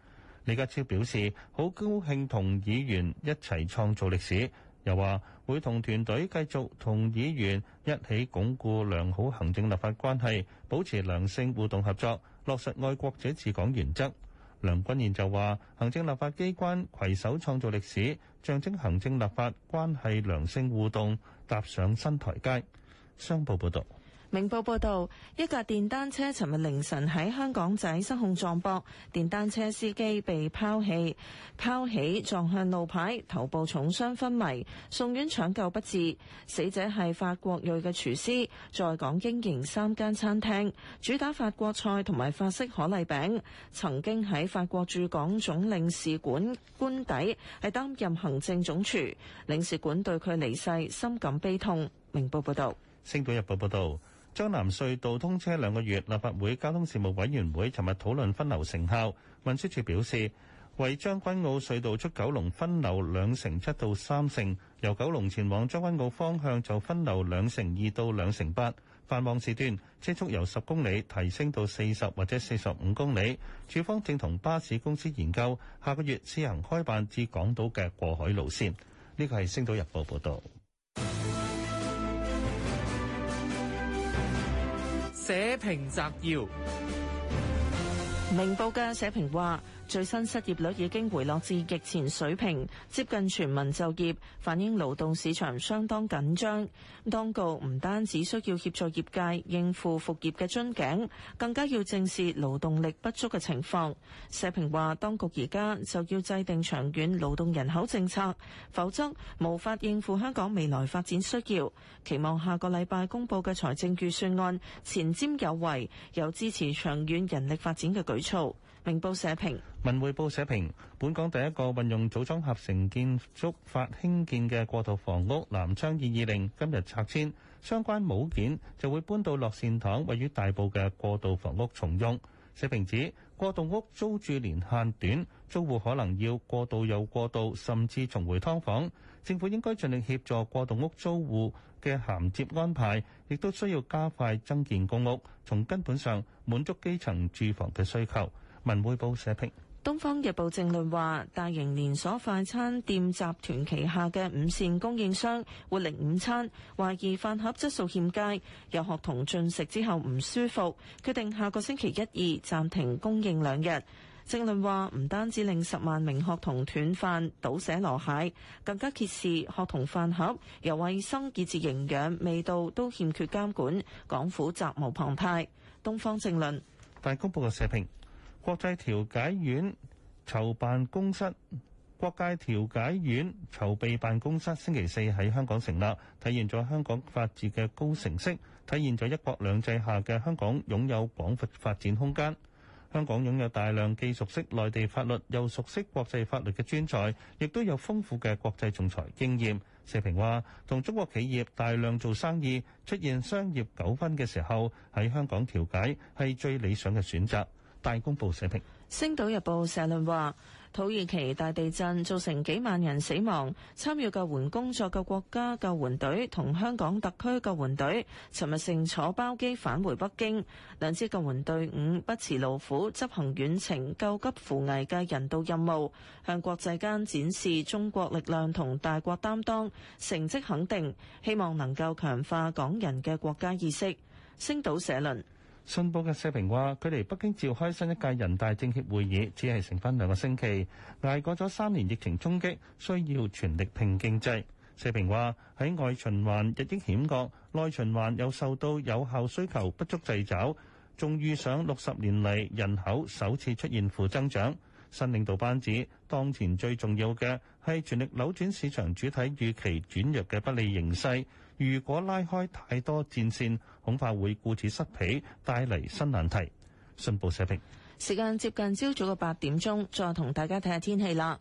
李家超表示好高興同議員一齊創造歷史，又話會同團隊繼續同議員一起鞏固良好行政立法關係，保持良性互動合作，落實愛國者治港原則。梁君彥就話：行政立法機關攜手創造歷史，象徵行政立法關係良性互動，踏上新台階。商報報導。明報報導，一架電單車尋日凌晨喺香港仔失控撞壆，電單車司機被拋起，拋起撞向路牌，頭部重傷昏迷，送院搶救不治。死者係法國裔嘅廚師，在港經營三間餐廳，主打法國菜同埋法式可麗餅。曾經喺法國駐港總領事館官邸，係擔任行政總廚。領事館對佢離世深感悲痛。明報報導，《星島日報》報道。將藍隧道通車兩個月，立法會交通事務委員會尋日討論分流成效。運輸署表示，為將軍澳隧道出九龍分流兩成七到三成，由九龍前往將軍澳方向就分流兩成二到兩成八。繁忙時段車速由十公里提升到四十或者四十五公里。署方正同巴士公司研究下個月試行開辦至港島嘅過海路線。呢個係《星島日報》報導。社評摘要：明報嘅社評話。最新失業率已經回落至疫前水平，接近全民就業，反映勞動市場相當緊張。當局唔單止需要協助業界應付復業嘅樽頸，更加要正視勞動力不足嘅情況。社評話，當局而家就要制定長遠勞動人口政策，否則無法應付香港未來發展需要。期望下個禮拜公佈嘅財政預算案前瞻有為，有支持長遠人力發展嘅舉措。明報社評，文匯報社評：本港第一個運用組裝合成建築法興建嘅過渡房屋南昌二二零今日拆遷，相關母件就會搬到樂善堂，位於大埔嘅過渡房屋重用。社評指，過渡屋租住年限短，租戶可能要過渡又過渡，甚至重回劏房。政府應該盡力協助過渡屋租戶嘅銜接安排，亦都需要加快增建公屋，從根本上滿足基層住房嘅需求。文匯報社評，《東方日報》政論話：大型連鎖快餐店集團旗下嘅午膳供應商活力午餐，懷疑飯盒質素欠佳，有學童進食之後唔舒服，決定下個星期一二暫停供應兩日。政論話：唔單止令十萬名學童斷飯、倒瀉籮蟹，更加揭示學童飯盒由衞生以至營養、味道都欠缺監管，港府責無旁貸。《東方政論》大公報嘅社評。國際調解院籌辦公室，國際調解院籌備辦公室星期四喺香港成立，體現咗香港法治嘅高成色，體現咗一國兩制下嘅香港擁有廣闊發展空間。香港擁有大量既熟悉內地法律又熟悉國際法律嘅專才，亦都有豐富嘅國際仲裁經驗。社評話，同中國企業大量做生意出現商業糾紛嘅時候，喺香港調解係最理想嘅選擇。大公報社評，《星島日報》社論話：土耳其大地震造成幾萬人死亡，參與救援工作嘅國家救援隊同香港特區救援隊，尋日乘坐包機返回北京。兩支救援隊伍不辭勞苦執行遠程救急扶危嘅人道任務，向國際間展示中國力量同大國擔當，成績肯定。希望能夠強化港人嘅國家意識。星島社論。信報嘅社評話：距離北京召開新一屆人大政協會議，只係剩翻兩個星期，捱過咗三年疫情衝擊，需要全力拼經濟。社評話喺外循環日益險惡，內循環又受到有效需求不足掣肘，仲遇上六十年嚟人口首次出現負增長。新領導班子當前最重要嘅係全力扭轉市場主體預期轉弱嘅不利形勢。如果拉開太多戰線，恐怕會顧此失彼，帶嚟新難題。信報社評。時間接近朝早嘅八點鐘，再同大家睇下天氣啦。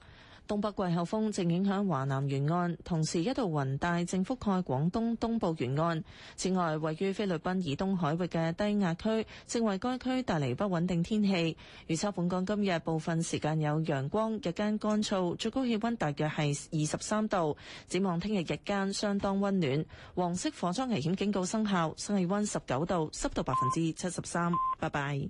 東北季候風正影響華南沿岸，同時一道雲帶正覆蓋廣東東部沿岸。此外，位於菲律賓以東海域嘅低壓區正為該區帶嚟不穩定天氣。預測本港今日部分時間有陽光，日間乾燥，最高氣溫大約係二十三度。展望聽日日間相當溫暖。黃色火災危險警告生效，現氣溫十九度，濕度百分之七十三。拜拜。